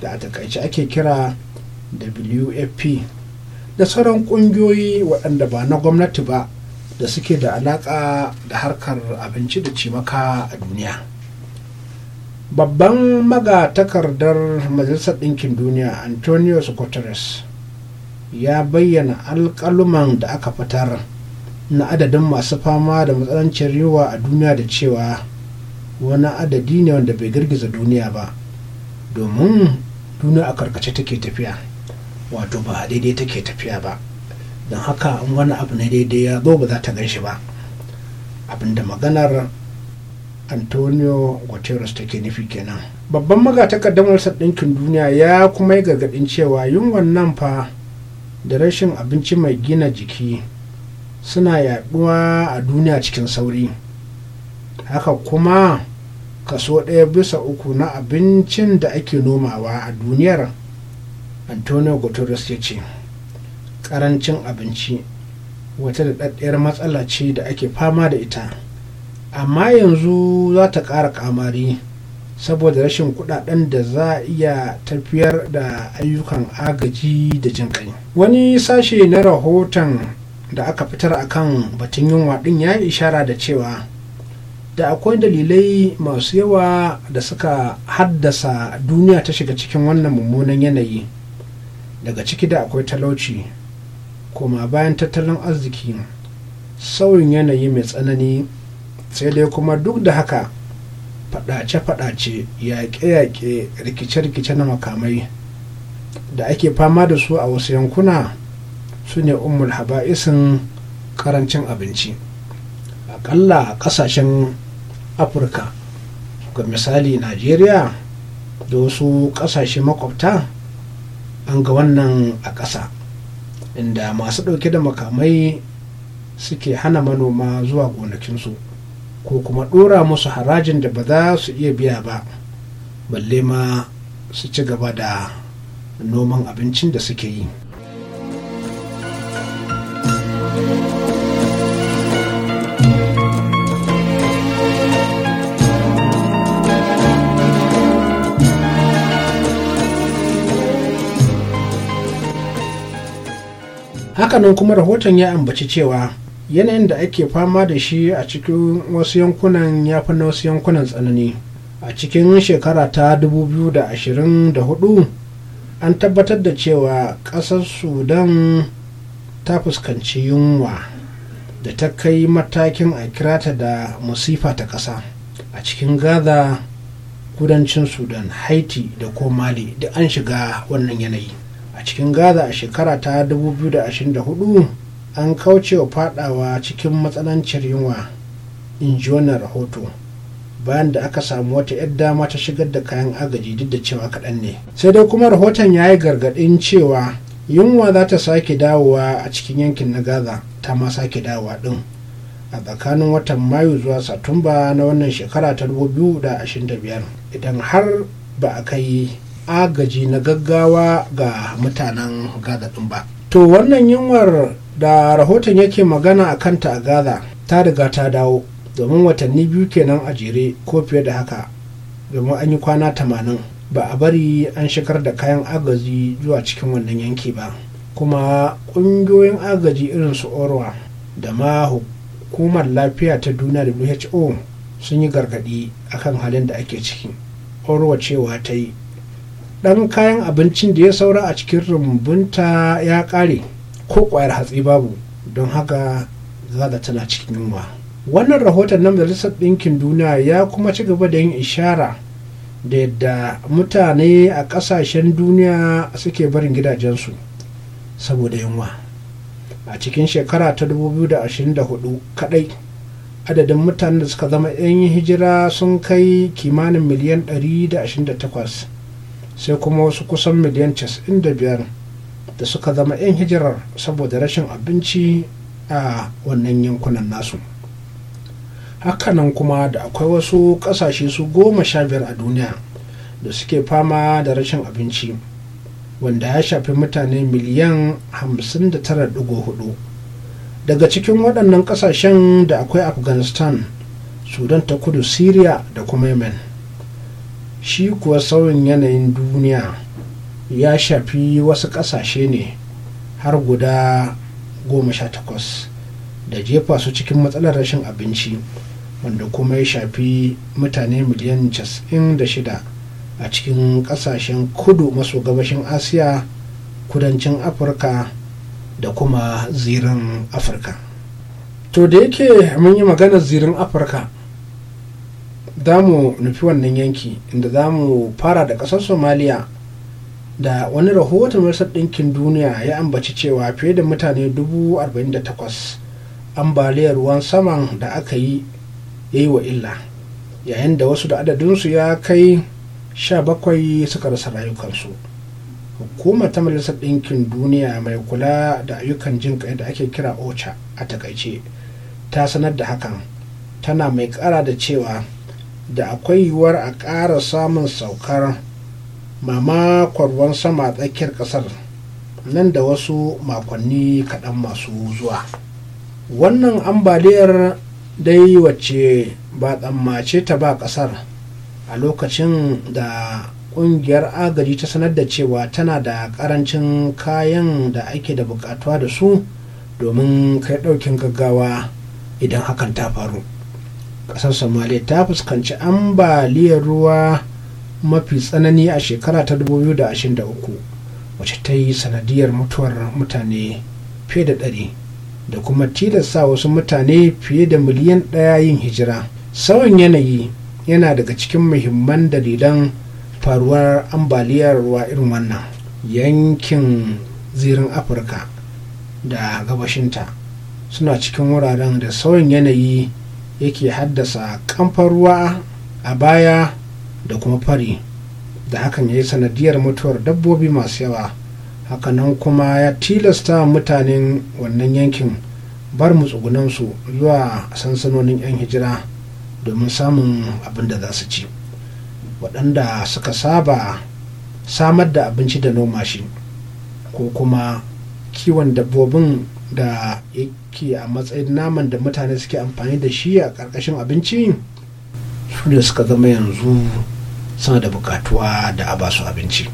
da a takaice ake kira wfp da sauran ƙungiyoyi waɗanda ba na gwamnati ba da suke da alaƙa da harkar abinci da cimaka a duniya babban magatakardar majalisar ɗinkin duniya antonio guterres ya bayyana alƙaluman da aka fitar na adadin masu fama da matsalancin yunwa a duniya da cewa wani adadi ne wanda bai girgiza duniya ba domin duniya a karkace take tafiya wato ba daidai take tafiya ba don haka in wani abu na daidai ya zo ba za ta ganshi shi ba abinda maganar antonio guterres take nufi kenan babban magatakar majalisar ɗinkin duniya ya kuma yi gargaɗin cewa yin wannan fa da rashin abinci mai gina jiki suna yaduwa a duniya cikin sauri haka kuma kaso ɗaya bisa uku na abincin da ake nomawa a duniyar antonio guterres ya ce ƙarancin abinci wata da ɗaɗɗiyar matsala ce da ake fama da ita amma yanzu za ta ƙara ƙamari saboda rashin kudaden da za a iya tafiyar da ayyukan agaji da jin kai wani sashe na rahoton da aka fitar akan batun yunwa din ya yi ishara da cewa da akwai dalilai masu yawa da suka haddasa duniya ta shiga cikin wannan mummunan yanayi daga ciki da akwai talauci koma bayan tattalin arziki sauyin yanayi mai tsanani sai dai kuma duk da haka fadace-fadace yaƙe-yaƙe rikice-rikice na makamai da ake fama da su a wasu yankuna su ne umul haba'isin karancin abinci akalla a ƙasashen afirka ga misali najeriya da wasu ƙasashe makwabta an ga wannan a ƙasa inda masu ɗauke da makamai suke hana manoma zuwa gonakinsu ko kuma ɗora musu harajin da ba za su iya biya ba balle ma su ci gaba da noman abincin da suke yi hakanan kuma rahoton ya ambaci cewa yanayin da ake fama da shi a cikin wasu yankunan ya fi na wasu yankunan tsanani a cikin shekara ta 2024 an tabbatar da cewa ƙasar sudan ta fuskanci yunwa da ta kai matakin a kirata da musifa ta ƙasa a cikin gaza kudancin sudan haiti da ko mali da an shiga wannan yanayi a cikin gaza a shekara ta 2024 an kauce wa fadawa cikin matsanancin yunwa in ji wannan rahoto bayan da aka samu wata 'yar dama ta shigar da kayan agaji duk da cewa kaɗan ne sai dai kuma rahoton ya yi gargaɗin cewa yunwa za ta sake dawowa a cikin yankin na gaza ta ma sake dawowa ɗin a tsakanin watan mayu zuwa satumba na wannan shekara ta 2025 idan har ba a kai agaji na gaggawa ga mutanen gaza din ba to wannan yunwar da rahoton yake magana a kanta a gaza ta riga ta dawo domin watanni biyu kenan a jere ko fiye da haka domin an yi kwana tamanin ba a bari an shigar da kayan agaji zuwa cikin wannan yanki ba kuma ƙungiyoyin agaji irin su orwa da ma hukumar lafiya ta duniya who sun yi gargaɗi akan halin da ake ciki orwa cewa ta yi ɗan kayan abincin da ya saura a cikin rumbunta ya ƙare ko ƙwayar hatsi babu don haka za ta tana cikin yunwa wannan rahoton na majalisar ɗinkin duniya ya kuma ci gaba da yin ishara da yadda mutane a ƙasashen duniya suke barin gidajensu saboda yunwa a cikin shekara ta 2024 kadai adadin mutanen da suka zama 'yan hijira sun kai kimanin miliyan 128 sai kuma wasu kusan miliyan 95 da suka zama 'yan hijirar saboda rashin abinci a wannan yankunan nasu hakanan kuma da akwai wasu kasashe su goma sha biyar a duniya da suke fama da rashin abinci wanda ya shafi mutane miliyan 59.4 daga cikin waɗannan ƙasashen da akwai afghanistan sudan ta kudu syria da kuma yemen shi kuwa sauyin yanayin duniya ya shafi wasu ƙasashe ne har guda goma sha takwas da jefa su cikin matsalar rashin abinci wanda kuma ya shafi mutane miliyan da shida a cikin ƙasashen kudu maso gabashin asiya kudancin afirka da kuma zirin afirka to da yake mun yi maganar zirin afirka za mu nufi wannan yanki inda za mu fara da ƙasar somaliya da wani rahoton masar ɗinkin duniya ya ambaci cewa fiye da mutane 48,000 ambaliyar ruwan saman da aka yi ya yi wa illa yayin da wasu da adadinsu ya kai 17 suka rasa rayukansu hukumar ta majalisar ɗinkin duniya mai kula da ayyukan jin kai da ake kira ocha a takaice ta sanar da hakan tana mai kara da cewa da akwai yiwuwar a ƙara samun saukar mama kwarwan sama tsakiyar ƙasar nan da wasu makonni kaɗan masu zuwa wannan ambaliyar dai wacce ba tsammace ta ba ƙasar a lokacin da ƙungiyar agaji ta sanar da cewa tana da ƙarancin kayan da ake da buƙatuwa da su domin kai ɗaukin gaggawa idan hakan ta faru. Kasar somaliya ta fuskanci ambaliyar ruwa mafi tsanani a shekara ta 2023 wacce ta yi sanadiyar mutuwar mutane fiye da ɗari da kuma tilasta wasu mutane fiye da miliyan ɗaya yin hijira sauyin yanayi yana daga cikin muhimman dalilan faruwar ambaliyar ruwa irin wannan yankin zirin afirka da gabashinta suna cikin wuraren da sauyin yanayi yake haddasa kamfar ruwa a baya da kuma fari da hakan ya yi sanadiyar mutuwar dabbobi masu yawa hakanan kuma ya tilasta mutanen wannan yankin bar mutsugunansu zuwa sansanonin 'yan hijira domin samun abin da za su ci waɗanda suka saba samar da abinci da noma shi ko kuma kiwon dabbobin da yake a matsayin naman da mutane suke amfani da shi a ƙarƙashin abinci su ne suka zama yanzu suna da bukatuwa da a basu abinci.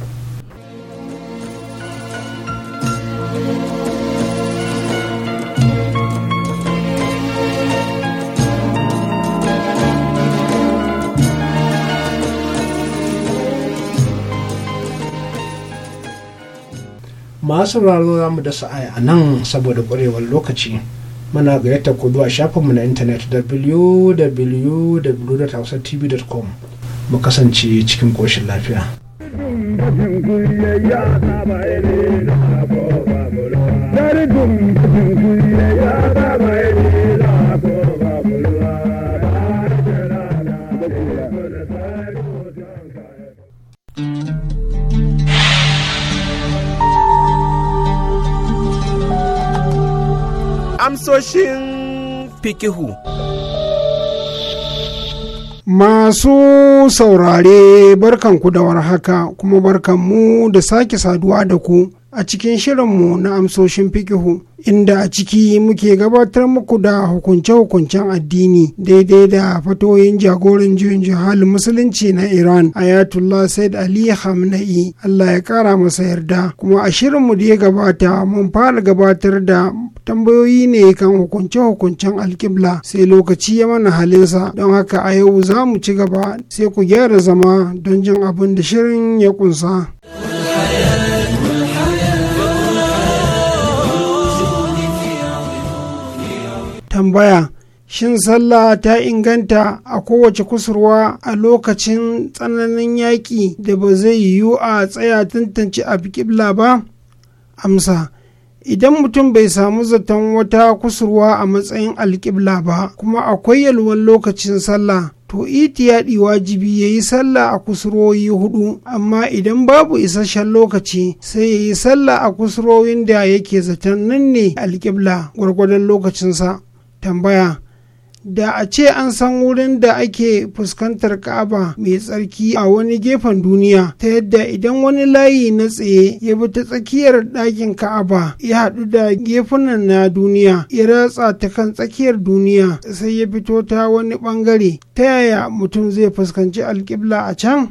masu sauraro za mu da sa'aya a nan saboda ƙwarewar lokaci muna gayyata ku zuwa shafinmu na intanet www.hausatv.com mu kasance cikin ƙoshin lafiya. Dari dum dum kuyi ya ba amsoshin fikihu. Masu saurare barkanku da warhaka kuma barkanmu da sake saduwa da ku a cikin shirinmu na amsoshin fikihu inda a ciki muke gabatar muku da hukunce-hukuncen addini daidai da fatoyin jagoran juyin jihal musulunci na iran ayatullah said ali hamna'i allah ya kara masa yarda kuma a shirinmu da ya gabata mun fara gabatar da tambayoyi ne kan hukunce-hukuncen alkibla sai lokaci ya mana halinsa don haka a yau za mu ci gaba sai ku gyara zama don jin abin da shirin ya kunsa. tambaya shin sallah ta inganta a kowace kusurwa a lokacin tsananin yaƙi da ba zai yiwu a tsaya tantance a kibla ba amsa idan mutum bai samu zaton wata kusurwa a matsayin alƙibla ba kuma akwai yalwan lokacin sallah to itiyaɗi wajibi ya yi sallah a kusurwoyi hudu amma idan babu isasshen lokaci sai ya yi sallah a kusurwoyin da yake zaton nan ne alƙibla gwargwadon lokacinsa tambaya da a ce an san wurin da ake fuskantar ka'aba mai tsarki a wani gefen duniya ta yadda idan wani layi na tsaye ya bi ta tsakiyar ɗakin ka'aba ya haɗu da gefunan na duniya ya ratsa ta kan tsakiyar duniya sai ya fito ta wani ɓangare ta yaya mutum zai fuskanci alƙibla a can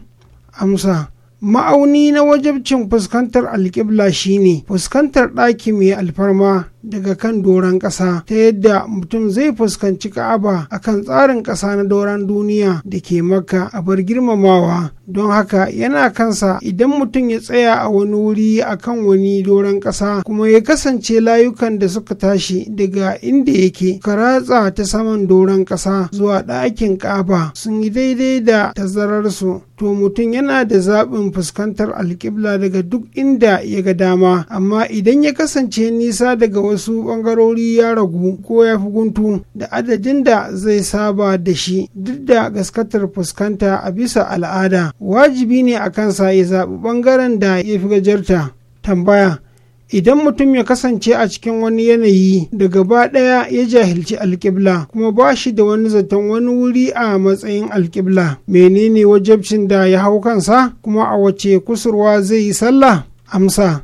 amsa ma'auni na wajabcin fuskantar alƙibla shine fuskantar ɗaki mai alfarma daga kan doron ƙasa ta yadda mutum zai fuskanci ka'aba a kan tsarin ƙasa na doron duniya da ke makka a bar girmamawa don haka yana kansa idan mutum ya tsaya a wani wuri a kan wani doron ƙasa kuma ya kasance layukan da suka tashi daga inda yake ka ratsa ta saman doron ƙasa zuwa ɗakin ƙaba sun yi daidai da tazararsu to mutum yana da zaɓin fuskantar alƙibla daga duk inda ya ga dama amma idan ya kasance nisa daga wasu ɓangarori ya ragu ko ya fi guntu da adadin da zai saba da shi duk da gaskatar fuskanta a bisa al'ada wajibi ne a kansa ya zaɓi ɓangaren da ya fi gajarta tambaya idan mutum ya kasance a cikin wani yanayi da gaba ɗaya ya jahilci alƙibla kuma ba shi da wani zaton wani wuri a matsayin alƙibla menene wajabcin da ya hau kansa kuma a wace kusurwa zai yi sallah amsa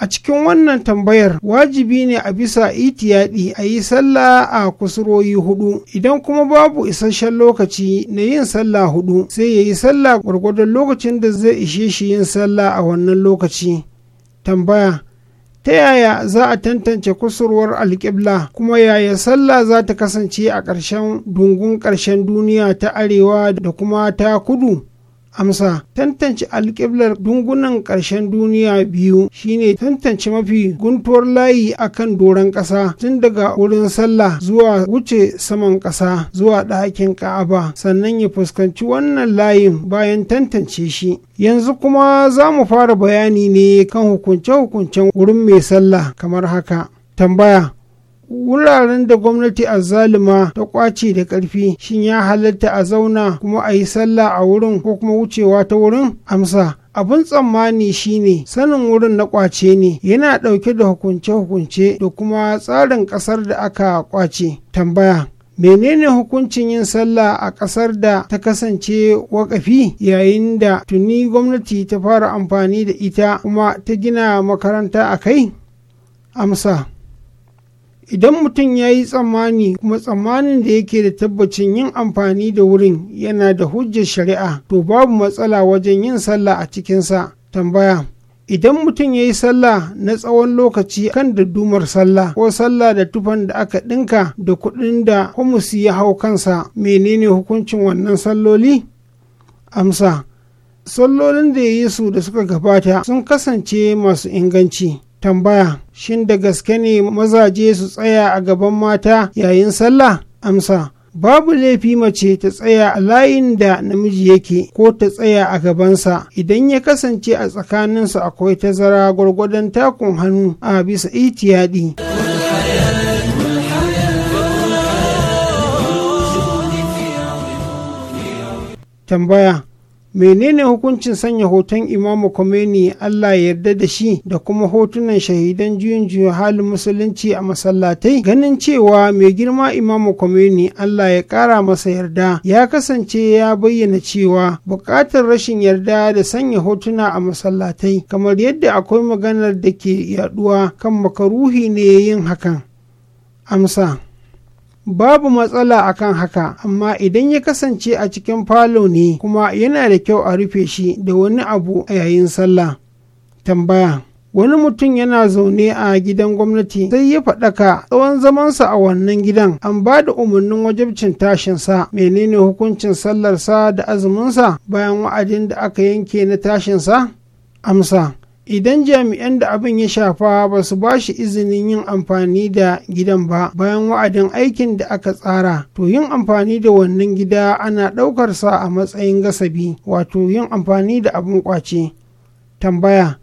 a cikin wannan tambayar wajibi ne a bisa itiyadi a yi sallah a kusuroyi hudu idan kuma babu isasshen lokaci na yin sallah hudu sai ya yi sallah gwargwadon lokacin da zai ishe shi yin sallah a wannan lokaci tambaya ta yaya za a tantance kusurwar alƙibla kuma yaya sallah za ta kasance a ƙarshen dungun ƙarshen duniya ta arewa da kuma ta kudu amsa tantance alƙiblar dungunan ƙarshen duniya biyu shine tantance mafi guntuwar layi akan doron ƙasa tun daga wurin sallah zuwa wuce saman ƙasa zuwa ɗakin ka'aba sannan ya fuskanci wannan layin bayan tantance shi yanzu kuma za mu fara bayani ne kan hukunce-hukuncen wurin mai sallah kamar haka tambaya wuraren da gwamnati a zalima ta kwace da ƙarfi shin ya halatta a zauna kuma a yi sallah a wurin ko kuma wucewa ta wurin amsa abin tsammani shine sanin wurin na kwace ne yana ɗauke da hukunce-hukunce da kuma tsarin ƙasar da aka kwace tambaya menene hukuncin yin sallah a ƙasar da ta kasance wakafi yayin da tuni gwamnati ta fara amfani da ita kuma ta gina makaranta a kai amsa idan mutum ya yi tsammani kuma tsammanin da yake da tabbacin yin amfani da wurin yana da hujjar shari'a to babu matsala wajen yin sallah a cikinsa tambaya idan mutum ya yi sallah na tsawon lokaci kan daddumar sallah ko sallah da tufan da aka ɗinka da kuɗin da humusi ya hau kansa menene hukuncin wannan salloli amsa sallolin da ya yi su da suka gabata sun kasance masu inganci tambaya shin da gaske ne mazaje su tsaya a gaban mata yayin sallah amsa babu laifi mace ta tsaya a layin da namiji yake ko ta tsaya a gabansa idan ya kasance a tsakaninsa akwai tazara gwargwadon takun hannu a bisa itiyadi. tambaya menene hukuncin sanya hoton imamu Khomeini Allah ya yarda da shi da kuma hotunan shahidan juyin juyin halin musulunci a masallatai ganin cewa mai girma imamu Khomeini Allah ya kara masa yarda ya kasance ya bayyana cewa bukatar rashin yarda da sanya hotuna a masallatai kamar yadda akwai maganar da ke yaduwa kan makaruhi ne yin hakan amsa babu matsala akan haka amma idan ya kasance a cikin falo ne kuma yana da kyau a rufe shi da wani abu a yayin sallah tambaya wani mutum yana zaune a gidan gwamnati sai ya faɗaka tsawon zamansa a wannan gidan an ba da umarnin wajibcin tashinsa menene hukuncin sallarsa da azuminsa bayan wa'adin da aka yanke na tashinsa amsa idan jami'an da abin ya shafa ba su ba shi izinin yin amfani da gidan ba bayan wa'adin aikin da aka tsara to yin amfani da wannan gida ana ɗaukarsa a matsayin gasabi wato yin amfani da abin kwace tambaya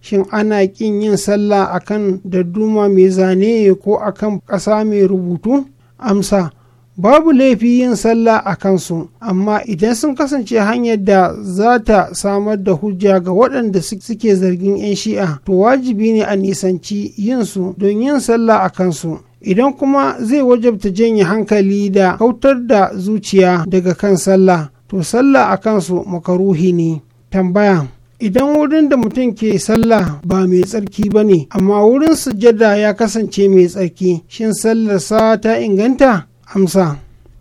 shin ana ƙin yin sallah akan dadduma mai zane ko akan ƙasa mai rubutu amsa babu laifi yin sallah a kansu amma idan sun kasance hanyar da za ta samar da hujja ga waɗanda suke zargin 'yan shi'a to wajibi ne a nisanci yinsu don yin sallah a kansu idan kuma zai wajabta janye hankali da kautar da zuciya daga kan sallah to sallah a kansu makaruhi ne tambaya idan wurin da mutum ke sallah ba mai tsarki ba ne amma wurin sujada ya kasance mai tsarki shin sallar sawa ta inganta amsa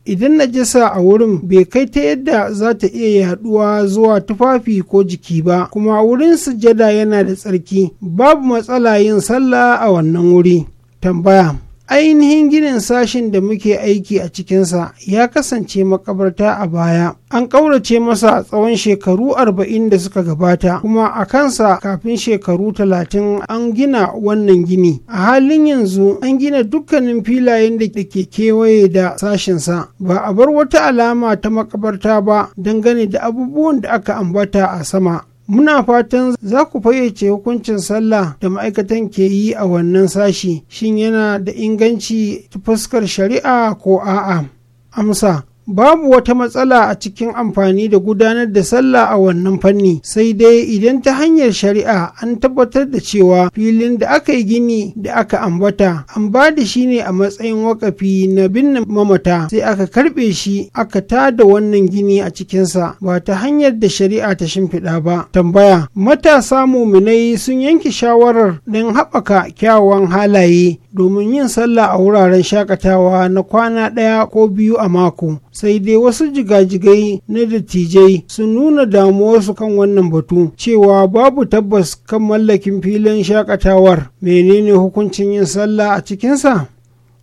idan najasa a wurin bai kai ta yadda za ta iya yaduwa zuwa tufafi ko jiki ba kuma wurin sujada yana da tsarki babu matsala yin sallah a wannan wuri tambaya ainihin ginin sashin da muke aiki a cikinsa ya kasance makabarta a baya an ƙaurace masa tsawon shekaru arba'in da suka gabata kuma a kansa kafin shekaru talatin an gina wannan gini a halin yanzu an gina dukkanin filayen da ke kewaye da sashinsa ba a bar wata alama ta makabarta ba dangane da abubuwan da aka ambata a sama Muna fatan za ku fayyace hukuncin sallah da ma'aikatan ke yi a wannan sashi, shin yana da inganci ta fuskar shari'a ko a'a. Amsa, babu wata matsala a cikin amfani da gudanar da sallah a wannan fanni sai dai idan ta hanyar shari'a an tabbatar da cewa filin da aka yi gini da aka ambata an ba da shi ne a matsayin wakafi na binne mamata sai aka karbe shi aka ta da wannan gini a cikinsa ba ta hanyar da shari'a ta shimfiɗa ba tambaya matasa muminai sun yanke shawarar don haɓaka kyawawan halaye domin yin sallah a wuraren shakatawa na kwana ɗaya ko biyu a mako sai dai wasu jigajigai na dattijai sun nuna damuwarsu kan wannan batu cewa babu tabbas kan mallakin filin shakatawar menene hukuncin yin sallah a cikinsa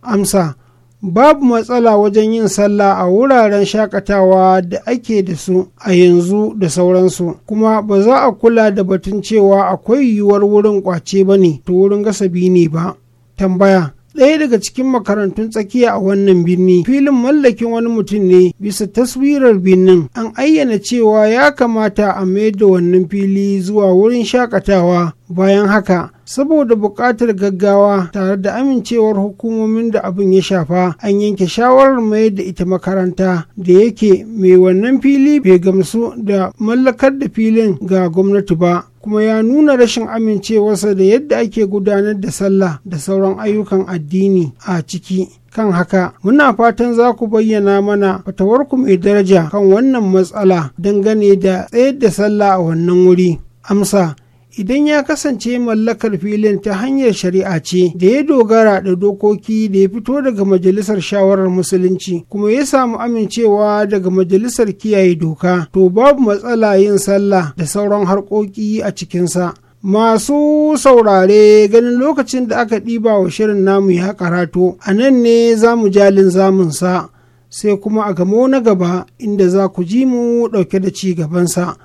amsa babu matsala wajen yin sallah a wuraren shakatawa da ake da su a yanzu da sauransu kuma ba za a kula da batun cewa akwai yiwuwar wurin kwace ba ne ta wurin gasabi ne ba Tambaya ɗaya daga cikin makarantun tsakiya a wannan birni filin mallakin wani mutum ne bisa taswirar birnin an ayyana cewa ya kamata a mayar da wannan fili zuwa wurin shakatawa bayan haka saboda buƙatar gaggawa tare da amincewar hukumomin da abin ya shafa an yanke shawarar mayar da ita makaranta da yake mai wannan fili bai gamsu da mallakar da filin ga gwamnati ba kuma ya nuna rashin amincewarsa da yadda ake gudanar da sallah da sauran ayyukan addini a ciki kan haka muna fatan za ku bayyana mana fatawar ku mai daraja kan wannan matsala dangane da tsayar da sallah a wannan wuri amsa idan ya kasance mallakar filin ta hanyar shari'a ce da ya dogara da dokoki da ya fito daga majalisar shawarar musulunci kuma ya samu amincewa daga majalisar kiyaye doka to babu matsala yin sallah da sauran harkoki a cikinsa masu saurare ganin lokacin da aka ɗiba wa shirin namu ya karato a nan ne za mu jalin zamunsa sai kuma a gamo na gaba inda za ku ji mu ɗauke da ci gabansa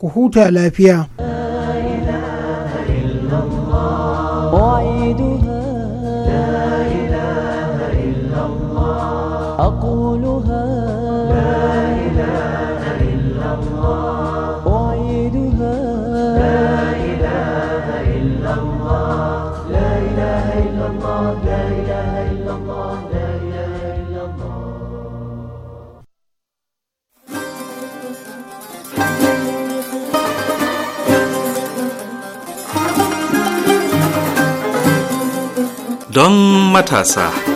ku huta lafiya. أقولها لا إله إلا الله أعيدها لا إله إلا الله لا إله إلا الله لا إله إلا الله لا إله إلا الله Don matasa.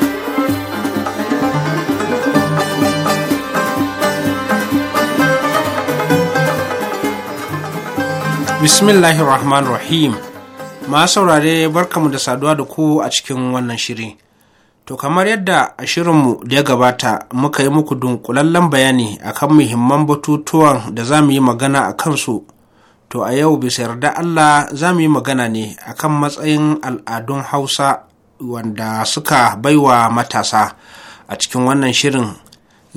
bismillahir rahmanir rahim ma saurare barkamu da saduwa da ku a cikin wannan shiri to kamar yadda a shirinmu da ya gabata muka yi muku dunkulallen bayani akan muhimman batutuwan da za mu yi magana a kansu to a yau bisa yarda allah za mu yi magana ne akan matsayin al'adun hausa wanda suka baiwa matasa a cikin wannan shirin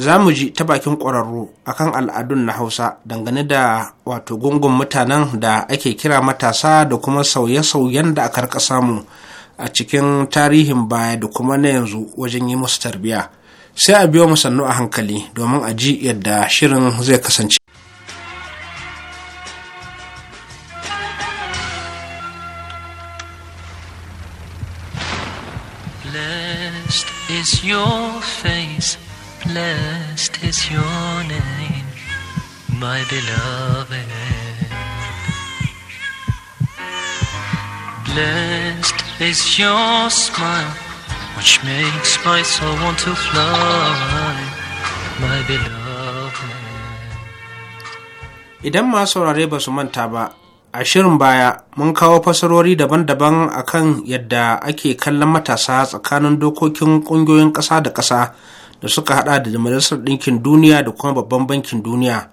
za mu ji ta bakin ƙwararru a kan al'adun na hausa dangane da wato gungun mutanen da ake kira matasa da kuma sauye-sauyen da aka rika samu a cikin tarihin baya da kuma na yanzu wajen yi musu tarbiya sai a biyo mu sannu a hankali domin a ji yadda shirin zai kasance is your Blessed is Your name, my beloved. Blessed is your smile, which makes my soul want to fly, my beloved. Idan masu saurare ba su manta ba, a shirin baya mun kawo fasarori daban-daban akan yadda ake kallon matasa tsakanin dokokin ƙungiyoyin ƙasa da ƙasa. da suka hada da majalisar ɗinkin duniya da kuma babban bankin duniya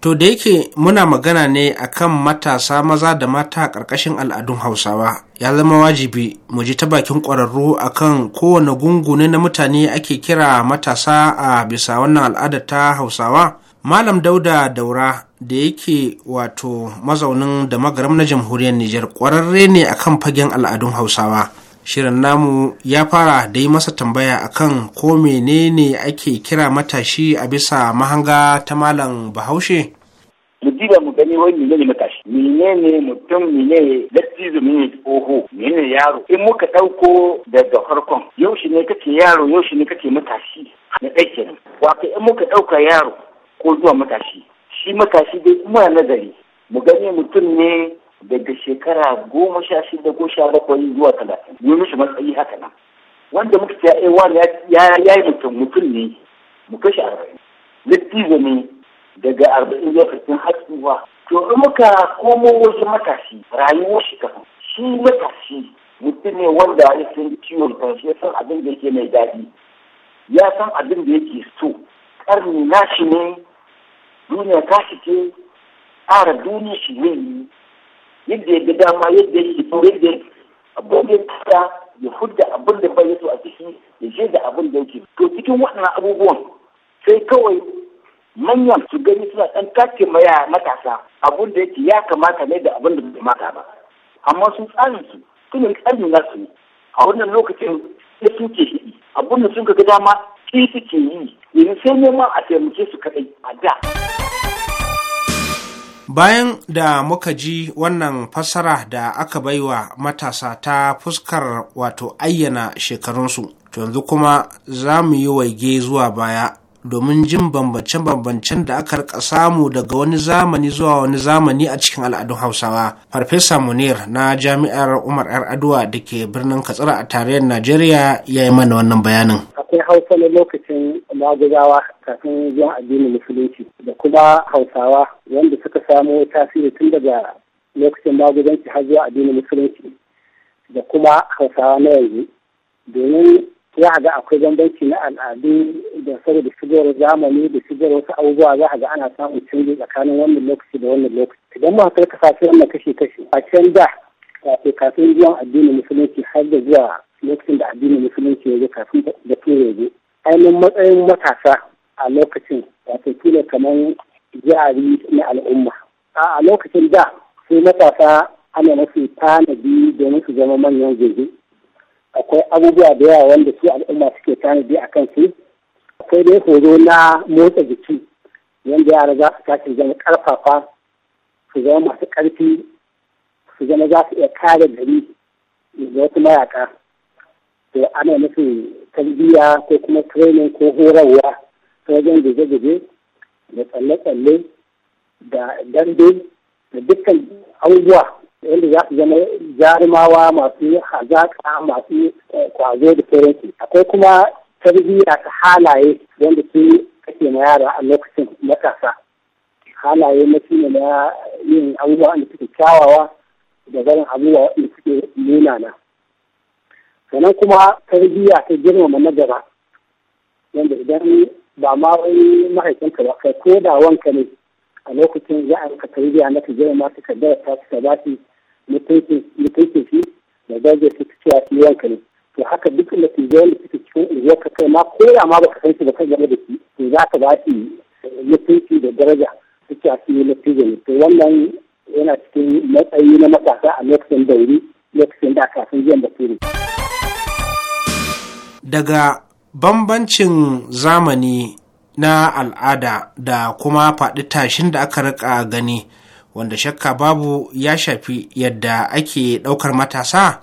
to da yake muna magana ne akan matasa maza da mata a ƙarƙashin al'adun hausawa ya zama wajibi mu ji ta bakin ƙwararru akan kowane gungune na mutane ake kira matasa a bisa wannan al'ada ta hausawa malam dauda daura da yake wato mazaunin da magaram na jamhuriyar nijar ƙwararre ne akan fagen al'adun hausawa shirin namu ya fara da yi masa tambaya akan ko menene ake kira matashi a bisa mahanga ta malam bahaushe mu diba mu gani wai ne matashi menene mutum menene dattijo menene oho menene yaro in muka dauko daga farkon yaushe ne kake yaro yaushe ne kake matashi na ɗaya kenan wato in muka dauka yaro ko zuwa matashi shi matashi dai kuma nazari mu gani mutum ne daga shekara goma sha shida ko sha bakwai zuwa talatin yi mishi matsayi haka nan wanda muka ce ai eh, wani ya yi mutum mutum ne mu kashe arba'in littizo ne daga arba'in zuwa fitin hatsuwa to in muka komo wasu matashi rayuwar shi kafin shi matashi mutum ne wanda ya san ciwon kansu ya san abin da yake mai daɗi ya san abin da yake so ƙarni nashi ne duniya tashi ce ƙara duniya shi ne yadda ya dama yadda ya fito yadda abin da ya fita ya fudda abin da bai so a ciki ya je da abin da yake to cikin waɗannan abubuwan sai kawai manyan su gani suna ɗan kake maya matasa abin da yake ya kamata ne da abin da bai kamata ba amma sun tsarin su sun tsarin na su a wannan lokacin ya suke shi abin da sun ga dama kifi suke yi yanzu sai neman a taimake su kaɗai a da. Bayan da muka ji wannan fassara da aka baiwa matasa ta fuskar wato ayyana shekarunsu, to yanzu kuma za mu yi waige zuwa baya domin jin bambance-bambancen da aka rika samu daga wani zamani zuwa wani zamani a cikin al'adun Hausawa. Farfesa Munir na Jami'ar Umar 'yar Aduwa da ke birnin Katsira a tarayyar Najeriya ya yi mana wannan bayanin. Akwai Hausa na lokacin maguzawa kafin zuwan addinin musulunci da kuma hausawa wanda suka samo tasiri tun daga lokacin maguzanci har zuwa addinin musulunci da kuma hausawa na yanzu domin za ga akwai bambanci na al'adu da saboda shigar zamani da shigar wasu abubuwa za a ga ana samun canji tsakanin wannan lokaci da wannan lokaci idan ba ka kasashe wannan kashi kashi. a can da wato kafin zuwan addinin musulunci har da zuwa lokacin da addinin musulunci ya zo kafin da tura ya ainihin matsayin matasa a lokacin wato kila kamar jihari na al'umma a lokacin da sai matasa ana masu tanadi domin su zama manyan gobe akwai abubuwa da yawa wanda su al'umma suke tanadi a kansu akwai dai horo na motsa jiki yadda yara za su tashi zama karfafa su zama masu karfi su zama za su iya kare gari da wasu mayaka to eh, ana nufin tarbiyya ko kuma training ko horarwa ta wajen guje-guje da tsalle-tsalle da dande da dukkan abubuwa wanda za su zama jarumawa masu hazaƙa masu kwazo eh, da sauransu akwai kuma tarbiyya ta halaye wanda su kake na yara a lokacin matasa halaye na shine na yin abubuwa da suke kyawawa da barin abubuwa da suke nuna na sannan kuma tarbiyya ta girmama na gaba yadda idan ba ma wai mahaifinka ba kai ko da wanka ne a lokacin za a ka tarbiyya na ta girmama ta kaddara ta ta ba shi mutuncin shi da darajar ta ta cewa shi wanka ne to haka duk da ta zo da suke cikin unguwar ka kai ma ko da ma baka san shi ba ka game da shi to za ka ba shi mutunci da daraja ta cewa shi mutunci ne to wannan yana cikin matsayi na matasa a lokacin dauri lokacin da kafin jiyan bature. daga bambancin zamani na al'ada da kuma faɗi tashin da aka rika gani wanda shakka babu ya shafi yadda ake ɗaukar matasa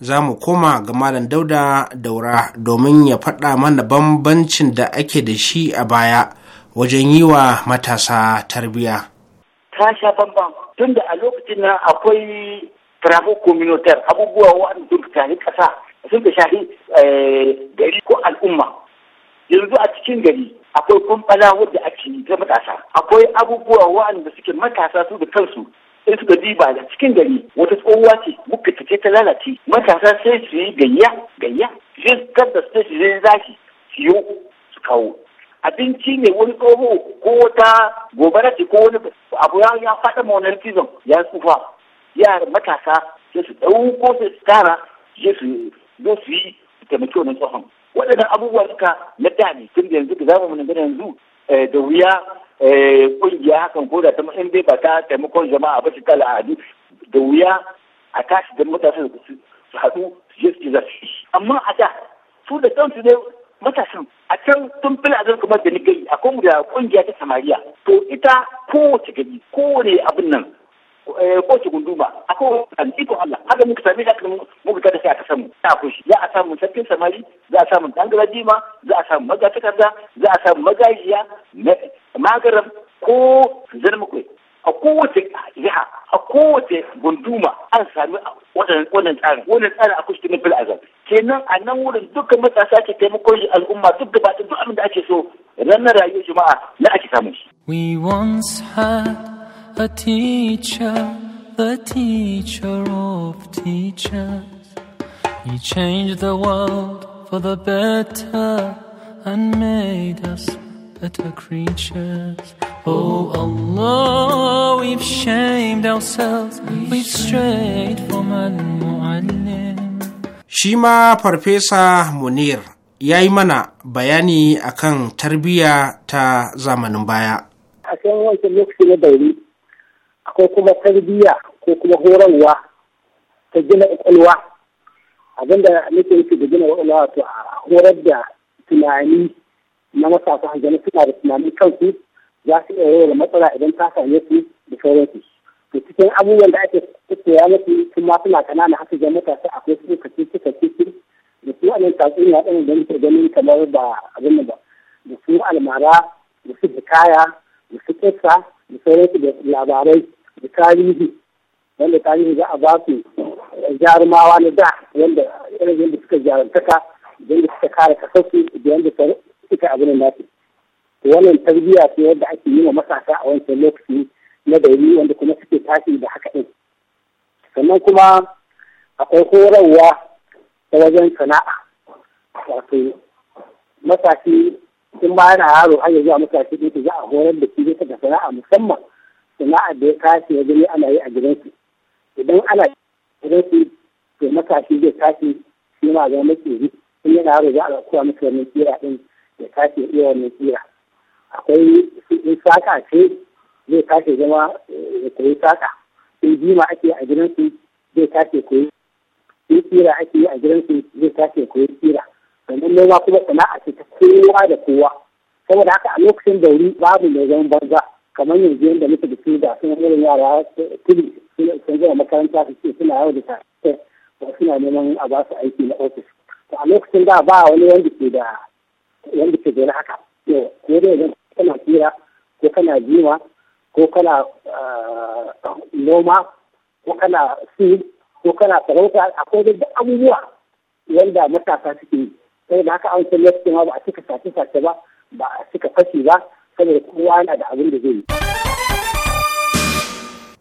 za mu koma ga malam dauda daura domin ya faɗa mana bambancin da ake da shi a baya wajen yi wa matasa tarbiya. ta sha bambam tunda a lokacin nan akwai travel communautaire abubuwa wa'anda duk tare ƙasa sun ka shafi eh, gari ko al'umma yanzu a cikin gari akwai kumfana wadda ake yi ta matasa akwai abubuwa waɗanda suke matasa su da kansu in suka diba da cikin gari wata tsohuwa ce muka tace ta lalace matasa sai su yi gayya gayya zai kada sai su zai zaki su su kawo abinci ne wani tsoho ko wata gobara ce ko wani abu ya faɗa ma wani ya tsufa yara matasa sai su dauko sai su tara sai su zo su yi su taimaki wannan tsohon waɗannan abubuwa suka na da ne tun da yanzu da mu nan yanzu eh, da wuya eh, ƙungiya hakan ko da ta in dai ba ta taimakon jama'a ba ta kala al'adu da wuya a tashi da da su haɗu su je su zafi amma a da su da kansu ne matasan a can tun fila zan kamar da ni gari akwai mu da kungiya ta samariya to ita kowace gari kowane abin nan Eh, kowace gunduma akwai wani iko Allah haka muka sami haka muka kada sai aka samu ta kushi za a samu sarkin samari za a samu dan galadima za a samu magatakarda za a samu magajiya magaram ko zarmakwai a kowace jiha a kowace gunduma an sami wannan tsarin wannan tsarin a kusurtumin fil azam kenan a nan wurin dukkan matasa ke taimakon al'umma duk da gaba duk abin da ake so ranar rayuwar jama'a na ake samun shi. We once had a teacher, the teacher of teachers. He changed the world for the better and made us better creatures. Oh Allah, we've shamed ourselves, we've strayed from Al Mu'allim. Shi ma Munir ya yi mana bayani akan tarbiyya ta zamanin baya. A kan wancan lokaci na ko kuma tarbiyya ko kuma horarwa ta gina ƙwaƙwalwa abinda nake yake da gina ƙwaƙwalwa to a horar da tunani na matasa jana suna da tunani kansu za su iya yawar matsala idan ta same su da sauransu to cikin abubuwan da ake koya musu tun ma suna kanana haka ga matasa akwai su kace suka cikin da su anan tatsuniya ɗin da muke ganin kamar ba abin ba da su almara da su kaya da su kisa da sauransu da labarai da tarihi wanda tarihi za a ba su jarumawa na da wanda irin yadda suka jarantaka yadda suka kare kasarsu da yadda suka abin nasu wannan tarbiyya ce wadda ake yi wa matasa a wancan lokaci na gari wanda kuma suke tashi da haka ɗin sannan kuma akwai horarwa ta wajen sana'a wato matashi in ba yana yaro har yanzu a matashi ɗin za a horar da shi ta da sana'a musamman sana'ar da ya tashi ya gani ana yi a gidansu idan ana gidansu to matashi zai tashi shi ma zama sun in yana yaro za a kuwa masa wani tsira din ya tashi ya iya wannan tsira akwai in saka ce zai tashi zama ya koyi saka in jima ake a gidansu zai tashi koyi in tsira ake yi a gidansu zai tashi ya koyi tsira sannan noma kuma sana'a ce ta kowa da kowa saboda haka a lokacin dauri babu mai zaman banza kamar yanzu yadda muka da su da sun irin yara tudu sun zama makaranta su ce suna yau da suna neman a ba su aiki na ofis to a lokacin da ba wani wanda ke da wanda ke da haka to ko dai idan kana tsira ko kana jima ko kana ah, noma ko kana su ko kana sarauta akwai da abubuwa wanda matasa suke yi sai da haka an san yadda ba a cika sace-sace ba ba a cika fashi ba saboda kowa yana da abin da zai yi.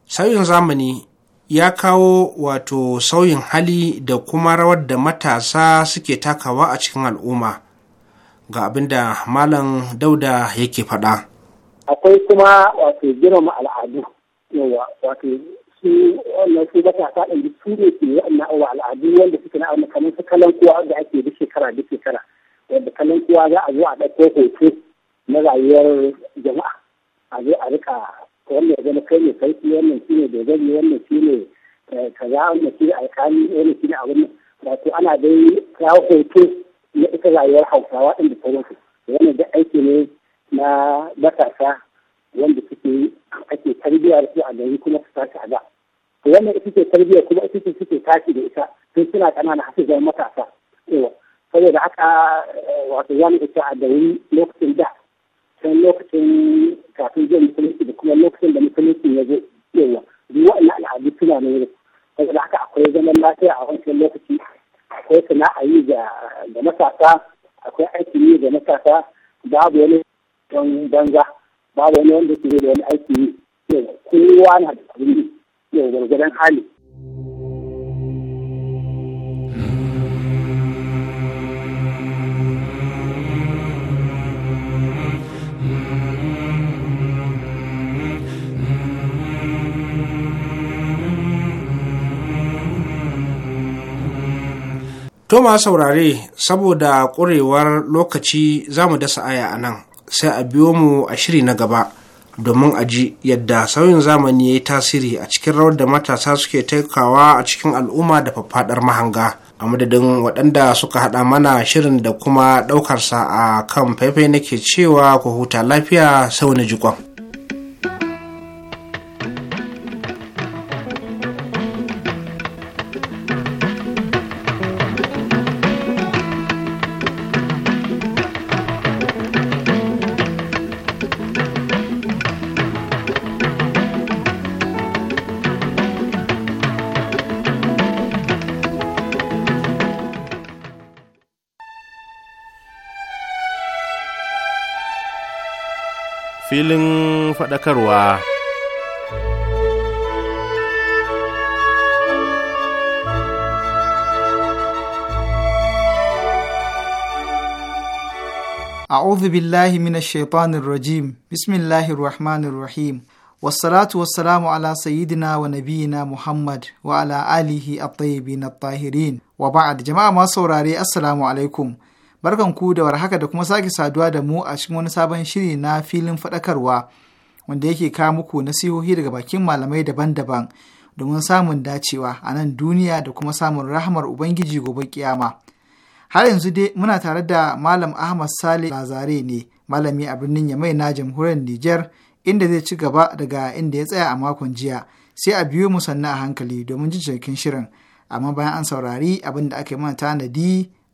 Sauyin zamani ya kawo wato sauyin hali da kuma rawar da matasa suke takawa a cikin al'umma ga abin da malam dauda yake faɗa. akwai kuma wato girma al'adu wato su wannan su matasa ɗin su ne ke wannan awa al'adu wanda suke na amma su kalan kowa da ake da shekara da shekara wanda kalan kowa za a zo a ɗauko hoto na rayuwar jama'a a zo a rika wannan ya zama kai ne sarki wannan shi ne dogari wannan shi ne eh, kaza wannan shi ne alkali wannan shi ne abin wato ana dai kawo hoto na ita rayuwar hausawa inda da sauransu wannan da aiki ne na matasa wanda suke ake tarbiyya da su a gari kuma su tashi a da to wannan ita ce tarbiyya kuma ita ce suke tashi da ita tun suna kanana har su zama matasa saboda haka eh, wato zamu ita a gari lokacin da kan lokacin kafin zai musulunci da kuma lokacin da musulunci ya zo yawa duk waɗannan al'adu suna ne da saboda haka akwai zaman lafiya a wancan lokaci akwai sana'a yi da matasa akwai aiki yi da matasa babu wani don banza babu wani wanda ke da wani aiki yi kowa na da abin yi yau gwargwadon hali. Toma saurare saboda ƙurewar lokaci za mu dasa aya a nan sai a biyo mu a shiri na gaba domin a ji yadda sauyin zamani ya yi tasiri a cikin rawar da matasa suke taikawa a cikin al'umma da faffaɗar mahanga a madadin waɗanda suka haɗa mana shirin da kuma ɗaukarsa a kan faifai nake cewa ku huta lafiya sau na jikon. filin faɗakarwa. A'udhu billahi minash shaitanir rajim. Bismillahir rahmanir rahim. Wassalatu wassalamu ala sayyidina wa nabiyina Muhammad wa ala alihi at-tayyibin at-tahirin. Wa ba'ad jama'a masu saurare assalamu alaikum. Barkanku, ku da warhaka da kuma sake saduwa da mu a cikin wani sabon shiri na filin faɗakarwa wanda yake kawo muku nasihohi daga bakin malamai daban-daban domin samun dacewa a nan duniya da kuma samun rahamar Ubangiji gobe kiyama. Har yanzu dai muna tare da Malam Ahmad Sale Lazare ne, malami a birnin Yamai na jamhuriyar Niger, inda zai ci gaba daga inda ya tsaya a makon jiya. Sai a biyo mu sannu a hankali domin jin shirin, amma bayan an saurari abin da aka yi mana tanadi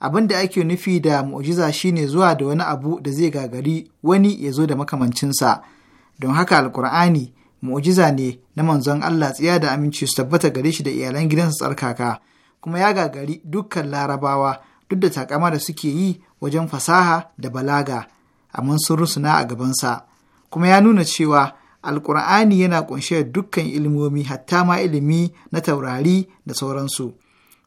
abin da ake nufi da mu'jiza shine zuwa da wani abu da zai gagari wani ya zo da makamancinsa don haka alkur'ani mu'jiza ne na manzon Allah tsiya da aminci su tabbata gare shi da iyalan gidansa tsarkaka kuma ya gagari dukkan larabawa duk da takama da suke yi wajen fasaha da balaga amma sun rusuna a gabansa kuma ya nuna cewa alkur'ani yana kunshe dukkan ilmomi hatta ma ilimi na taurari da sauransu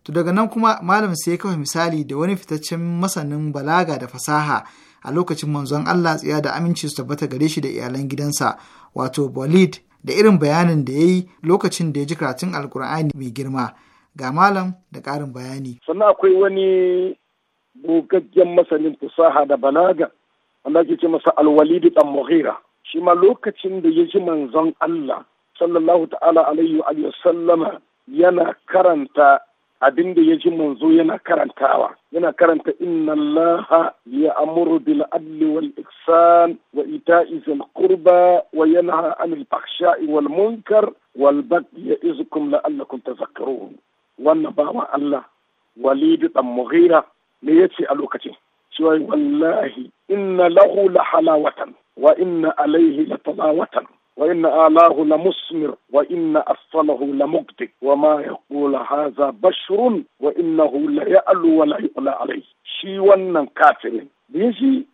To daga nan kuma malam sai ya kafa misali da wani fitaccen masanin balaga da fasaha a lokacin manzon Allah tsaya da aminci su tabbata gare shi da iyalan gidansa wato Bolid da irin bayanin da ya yi lokacin da ya ji karatun Alkur'ani mai girma. Ga malam da ƙarin bayani. Sannan akwai wani gogaggen masanin fasaha da balaga wanda ake ce masa alwalidi dan mughira shi ma lokacin da ya ji manzon Allah sallallahu ta'ala alaihi wa sallama yana karanta abin da ya ji manzo yana karantawa yana karanta inna allaha ya amuru bil adli wal ihsan wa ita'i zil qurba wa yanha anil fahsha'i wal munkar wal baghi ya'izukum la'allakum tadhakkarun wannan bawa Allah Walid dan Mughira me yace a lokacin cewa wallahi inna lahu la halawatan wa inna alaihi la watan. wa inna alahu Lamusmir, musmir wa inna asfalahu la wa ma yaqulu haza bashrun wa innahu la ya'lu wa shi wannan kafirin da shi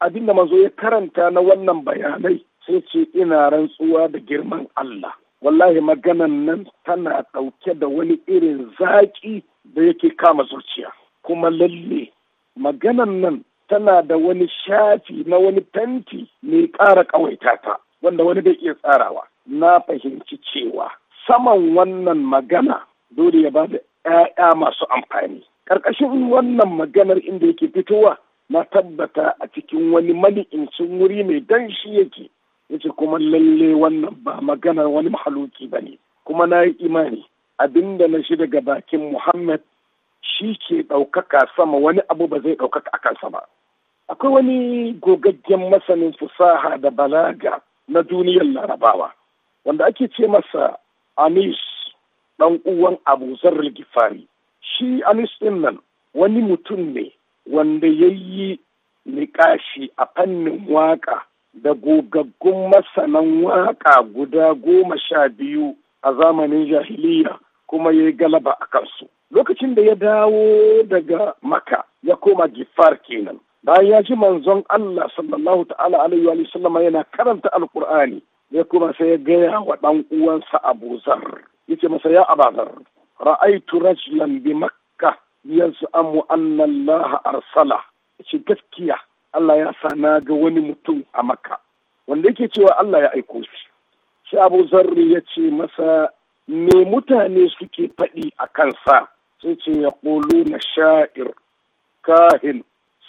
abin da manzo ya karanta na wannan bayanai sai ce ina rantsuwa da girman Allah wallahi maganan nan tana ɗauke da wani irin zaƙi da yake kama zuciya kuma lalle maganan nan tana da wani shafi na wani tanti mai ƙara ƙawaita ta wanda wani bai iya tsarawa na fahimci cewa saman wannan magana dole ya ba da 'ya'ya masu amfani ƙarƙashin wannan maganar inda yake fitowa na tabbata a cikin wani mali'incin wuri mai danshi yake yace kuma lalle wannan ba maganar wani mahaluki ba ne kuma na yi imani abinda na shi daga bakin muhammad shi ke ɗaukaka sama wani abu ba zai ɗaukaka a kansa ba akwai wani gogaggen masanin fusaha da balaga na duniyar larabawa wanda ake ce masa anis ɗan uwan abu zarar gifari shi anis din nan wani mutum ne wanda ya yi niƙashi a fannin waka da gogaggun masanan waka guda goma sha biyu a zamanin jahiliya kuma ya yi galaba a kansu lokacin da ya dawo daga maka ya koma gifar kenan bayan ya ji manzon Allah sallallahu ta'ala alaihi wa sallama yana karanta alkur'ani ya kuma sai ya gaya wa ɗan uwansa Abu Zar yace masa ya abazar ra'aitu rajulan bi makka yaz'amu anna Allah arsala yace gaskiya Allah ya sa na ga wani mutum a makka wanda yake cewa Allah ya aiko shi shi Abu Zar ya ce masa me mutane suke faɗi a kansa sai ce ya na sha'ir kahin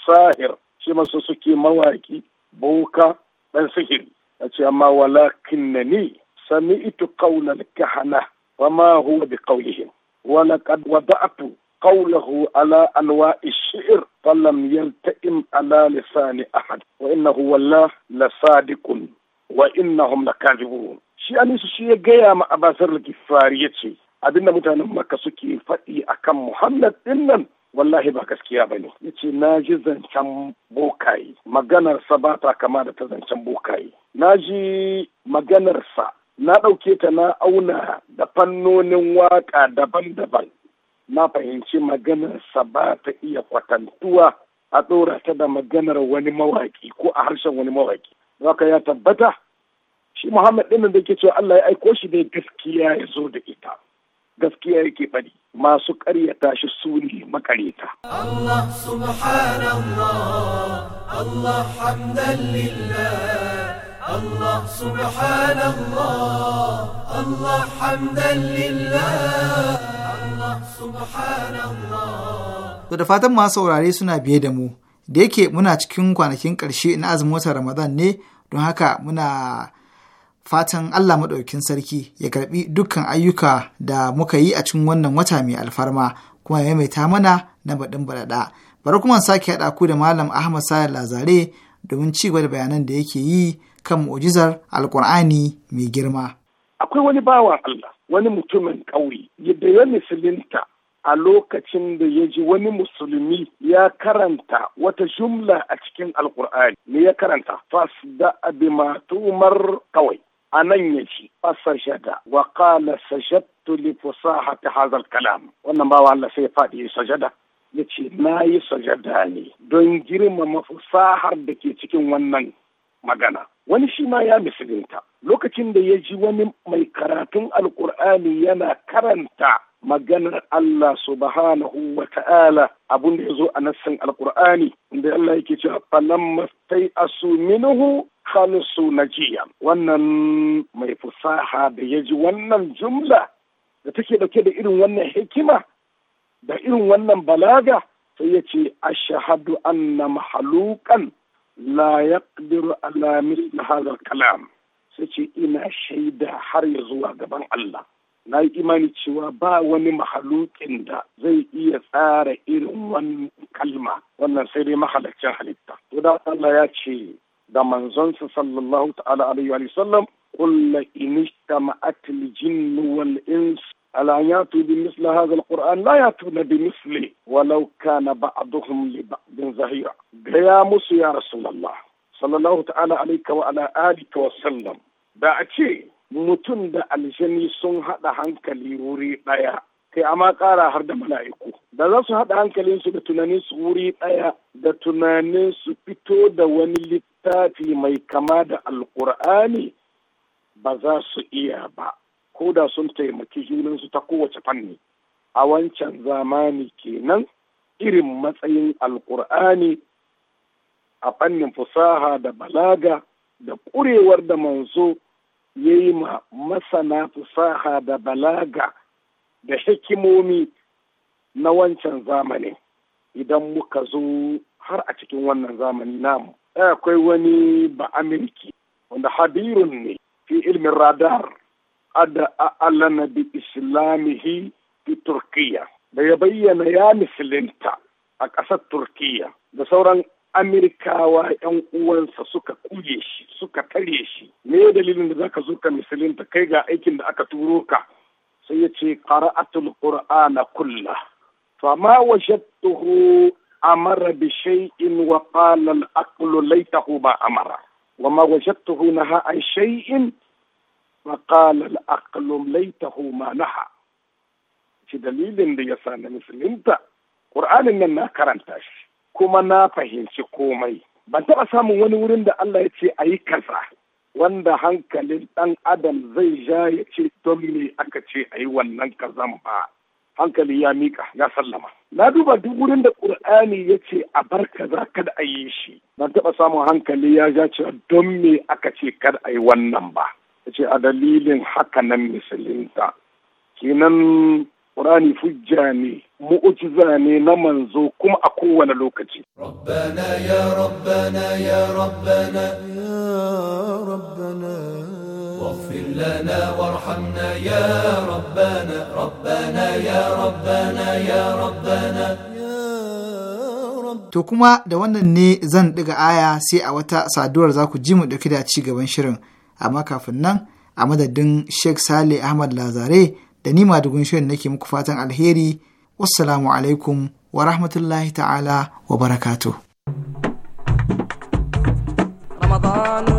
sahir shi masu suke mawaki boka ɗan sihiri a ce amma walakin na ni sami itu kaunar kahana wa ma huwa bi kaulihim wa laqad wada'tu قوله على أنواع الشعر فلم يلتئم على لسان أحد وإنه والله لصادق وإنهم لكاذبون shi Alisu shi ya gaya ma Abasar Gifari ya ce abinda mutanen Makka suke faɗi akan Muhammad ɗin nan wallahi ba gaskiya ba ne ya ce na ji zancen bokaye maganarsa ba ta kama da ta zancen bokaye na ji maganarsa na ɗauke ta na auna da fannonin waƙa daban-daban na fahimci maganarsa ba ta iya kwatantuwa a ɗora ta da maganar wani mawaƙi ko a harshen wani mawaƙi haka ya tabbata shi muhammad ɗin da ke cewa allah ya aiko shi ne gaskiya ya zo da ita gaskiya yake faɗi masu ƙaryata shi su ne makareta. Allah subhanallah, Allah hamdan lillah, Allah subhanallah, Allah hamdan lillah, Allah subhanallah. To da fatan masu saurare suna biye da mu, da yake muna cikin kwanakin ƙarshe na azumin watan Ramadan ne, don haka muna fatan Allah maɗaukin sarki ya karɓi dukkan ayyuka da muka yi a cikin wannan wata mai alfarma kuma ya maimaita mana na baɗin baɗaɗa. Bari kuma sake haɗa ku da Malam Ahmad Sayar Lazare domin ci gaba da bayanan da yake yi kan mu'jizar Alƙur'ani mai girma. Akwai wani bawan Allah, wani mutumin ƙauri. yadda ya musulunta a lokacin da ya ji wani musulmi ya karanta wata jumla a cikin alkur'ani ne ya karanta fas da abima tumar kawai a nan ya ci fasajada wa kala sajadtu li fusahati hadha kalam wannan bawa Allah sai ya faɗi sajada ya ce na yi sajada ne don girmama fasahar da ke cikin wannan magana wani shi ma ya misilinta lokacin da ya ji wani mai karatun alkur'ani yana karanta maganar Allah subhanahu wa ta'ala abun da ya zo a nassin alkur'ani inda Allah yake cewa falamma tai asu na Najiya wannan mai fusaha da ya ji wannan jumla da take dauke da irin wannan hikima da irin wannan balaga sai ya ce ashahadu anna mahalukan la yaqdiru ala misli hadha kalam sai ce ina shaida har ya zuwa gaban Allah na yi imani cewa ba wani mahalukin da zai iya tsara irin wannan kalma wannan sai dai mahalaccin halitta to da Allah ya ce da manzonsa sallallahu ta'ala alaihi wa sallam قل إن اجتمعت الجن ya ألا يأتوا بمثل هذا القرآن لا يأتون بمثله ولو كان بعضهم لبعض ظهيرا يا موسى يا رسول الله صلى الله تعالى عليك وعلى wa sallam. da a ce mutum da aljani sun haɗa hankali wuri ɗaya kai amma ƙara har da mala'iku da za su haɗa hankalinsu da tunaninsu wuri ɗaya da tunaninsu fito da wani littafi mai kama da alkur'ani ba za su iya ba ko da sun taimaki junansu ta kowace fanni a wancan zamani kenan irin matsayin alkur'ani a fannin fusaha da balaga da ƙurewar da manzo ya yi ma masana fusaha da balaga da hikimomi na wancan zamanin, idan muka zo har a cikin wannan zamani namu Eh, akwai wani ba amirki wanda habirun ne fi ilmin radar ada na bi islamihi fi Turkiya da ya bayyana ya musulunta a ƙasar Turkiya da sauran amirkawa 'yan uwansa suka kuje shi suka tare shi me dalilin da zaka zo ka musulunta kai ga aikin da aka turo ka sai ya ce qara'atul qur'ana kullah fama wajadtuhu Amar'abi shai'in وقال العقل ليته ما أمر وما وجدته نهى عن شيء وقال العقل ليته ما نهى shi dalilin da ya sani na musulunta ƙur'anin nan na karanta shi kuma na fahimci komai ban taɓa samun wani wurin da Allah ya ce a yi kaza wanda hankalin ɗan adam zai ja ya ce don me aka ce a yi wannan kazan ba hankali ya mika ya sallama na duba duk wurin da ƙur'ani ya ce a bar kaza kada a yi shi Na taɓa samun hankali ya ja cewa don me aka ce kada a yi wannan ba ya ce a dalilin haka nan misalinta kenan ƙur'ani fujja ne mu'ujiza ne na manzo kuma a kowane lokaci rabbana ya rabbana ya rabbana ya rabbana واغفر لنا وارحمنا يا ربنا ربنا يا ربنا يا ربنا To kuma da wannan ne zan ɗiga aya sai a wata saduwar za ku ji mu ɗauki da ci gaban shirin, amma kafin nan a madadin Sheikh Sale Ahmad Lazare da ni madugun shirin nake muku fatan alheri, wassalamu alaikum wa rahmatullahi ta'ala wa barakatu. Ramadan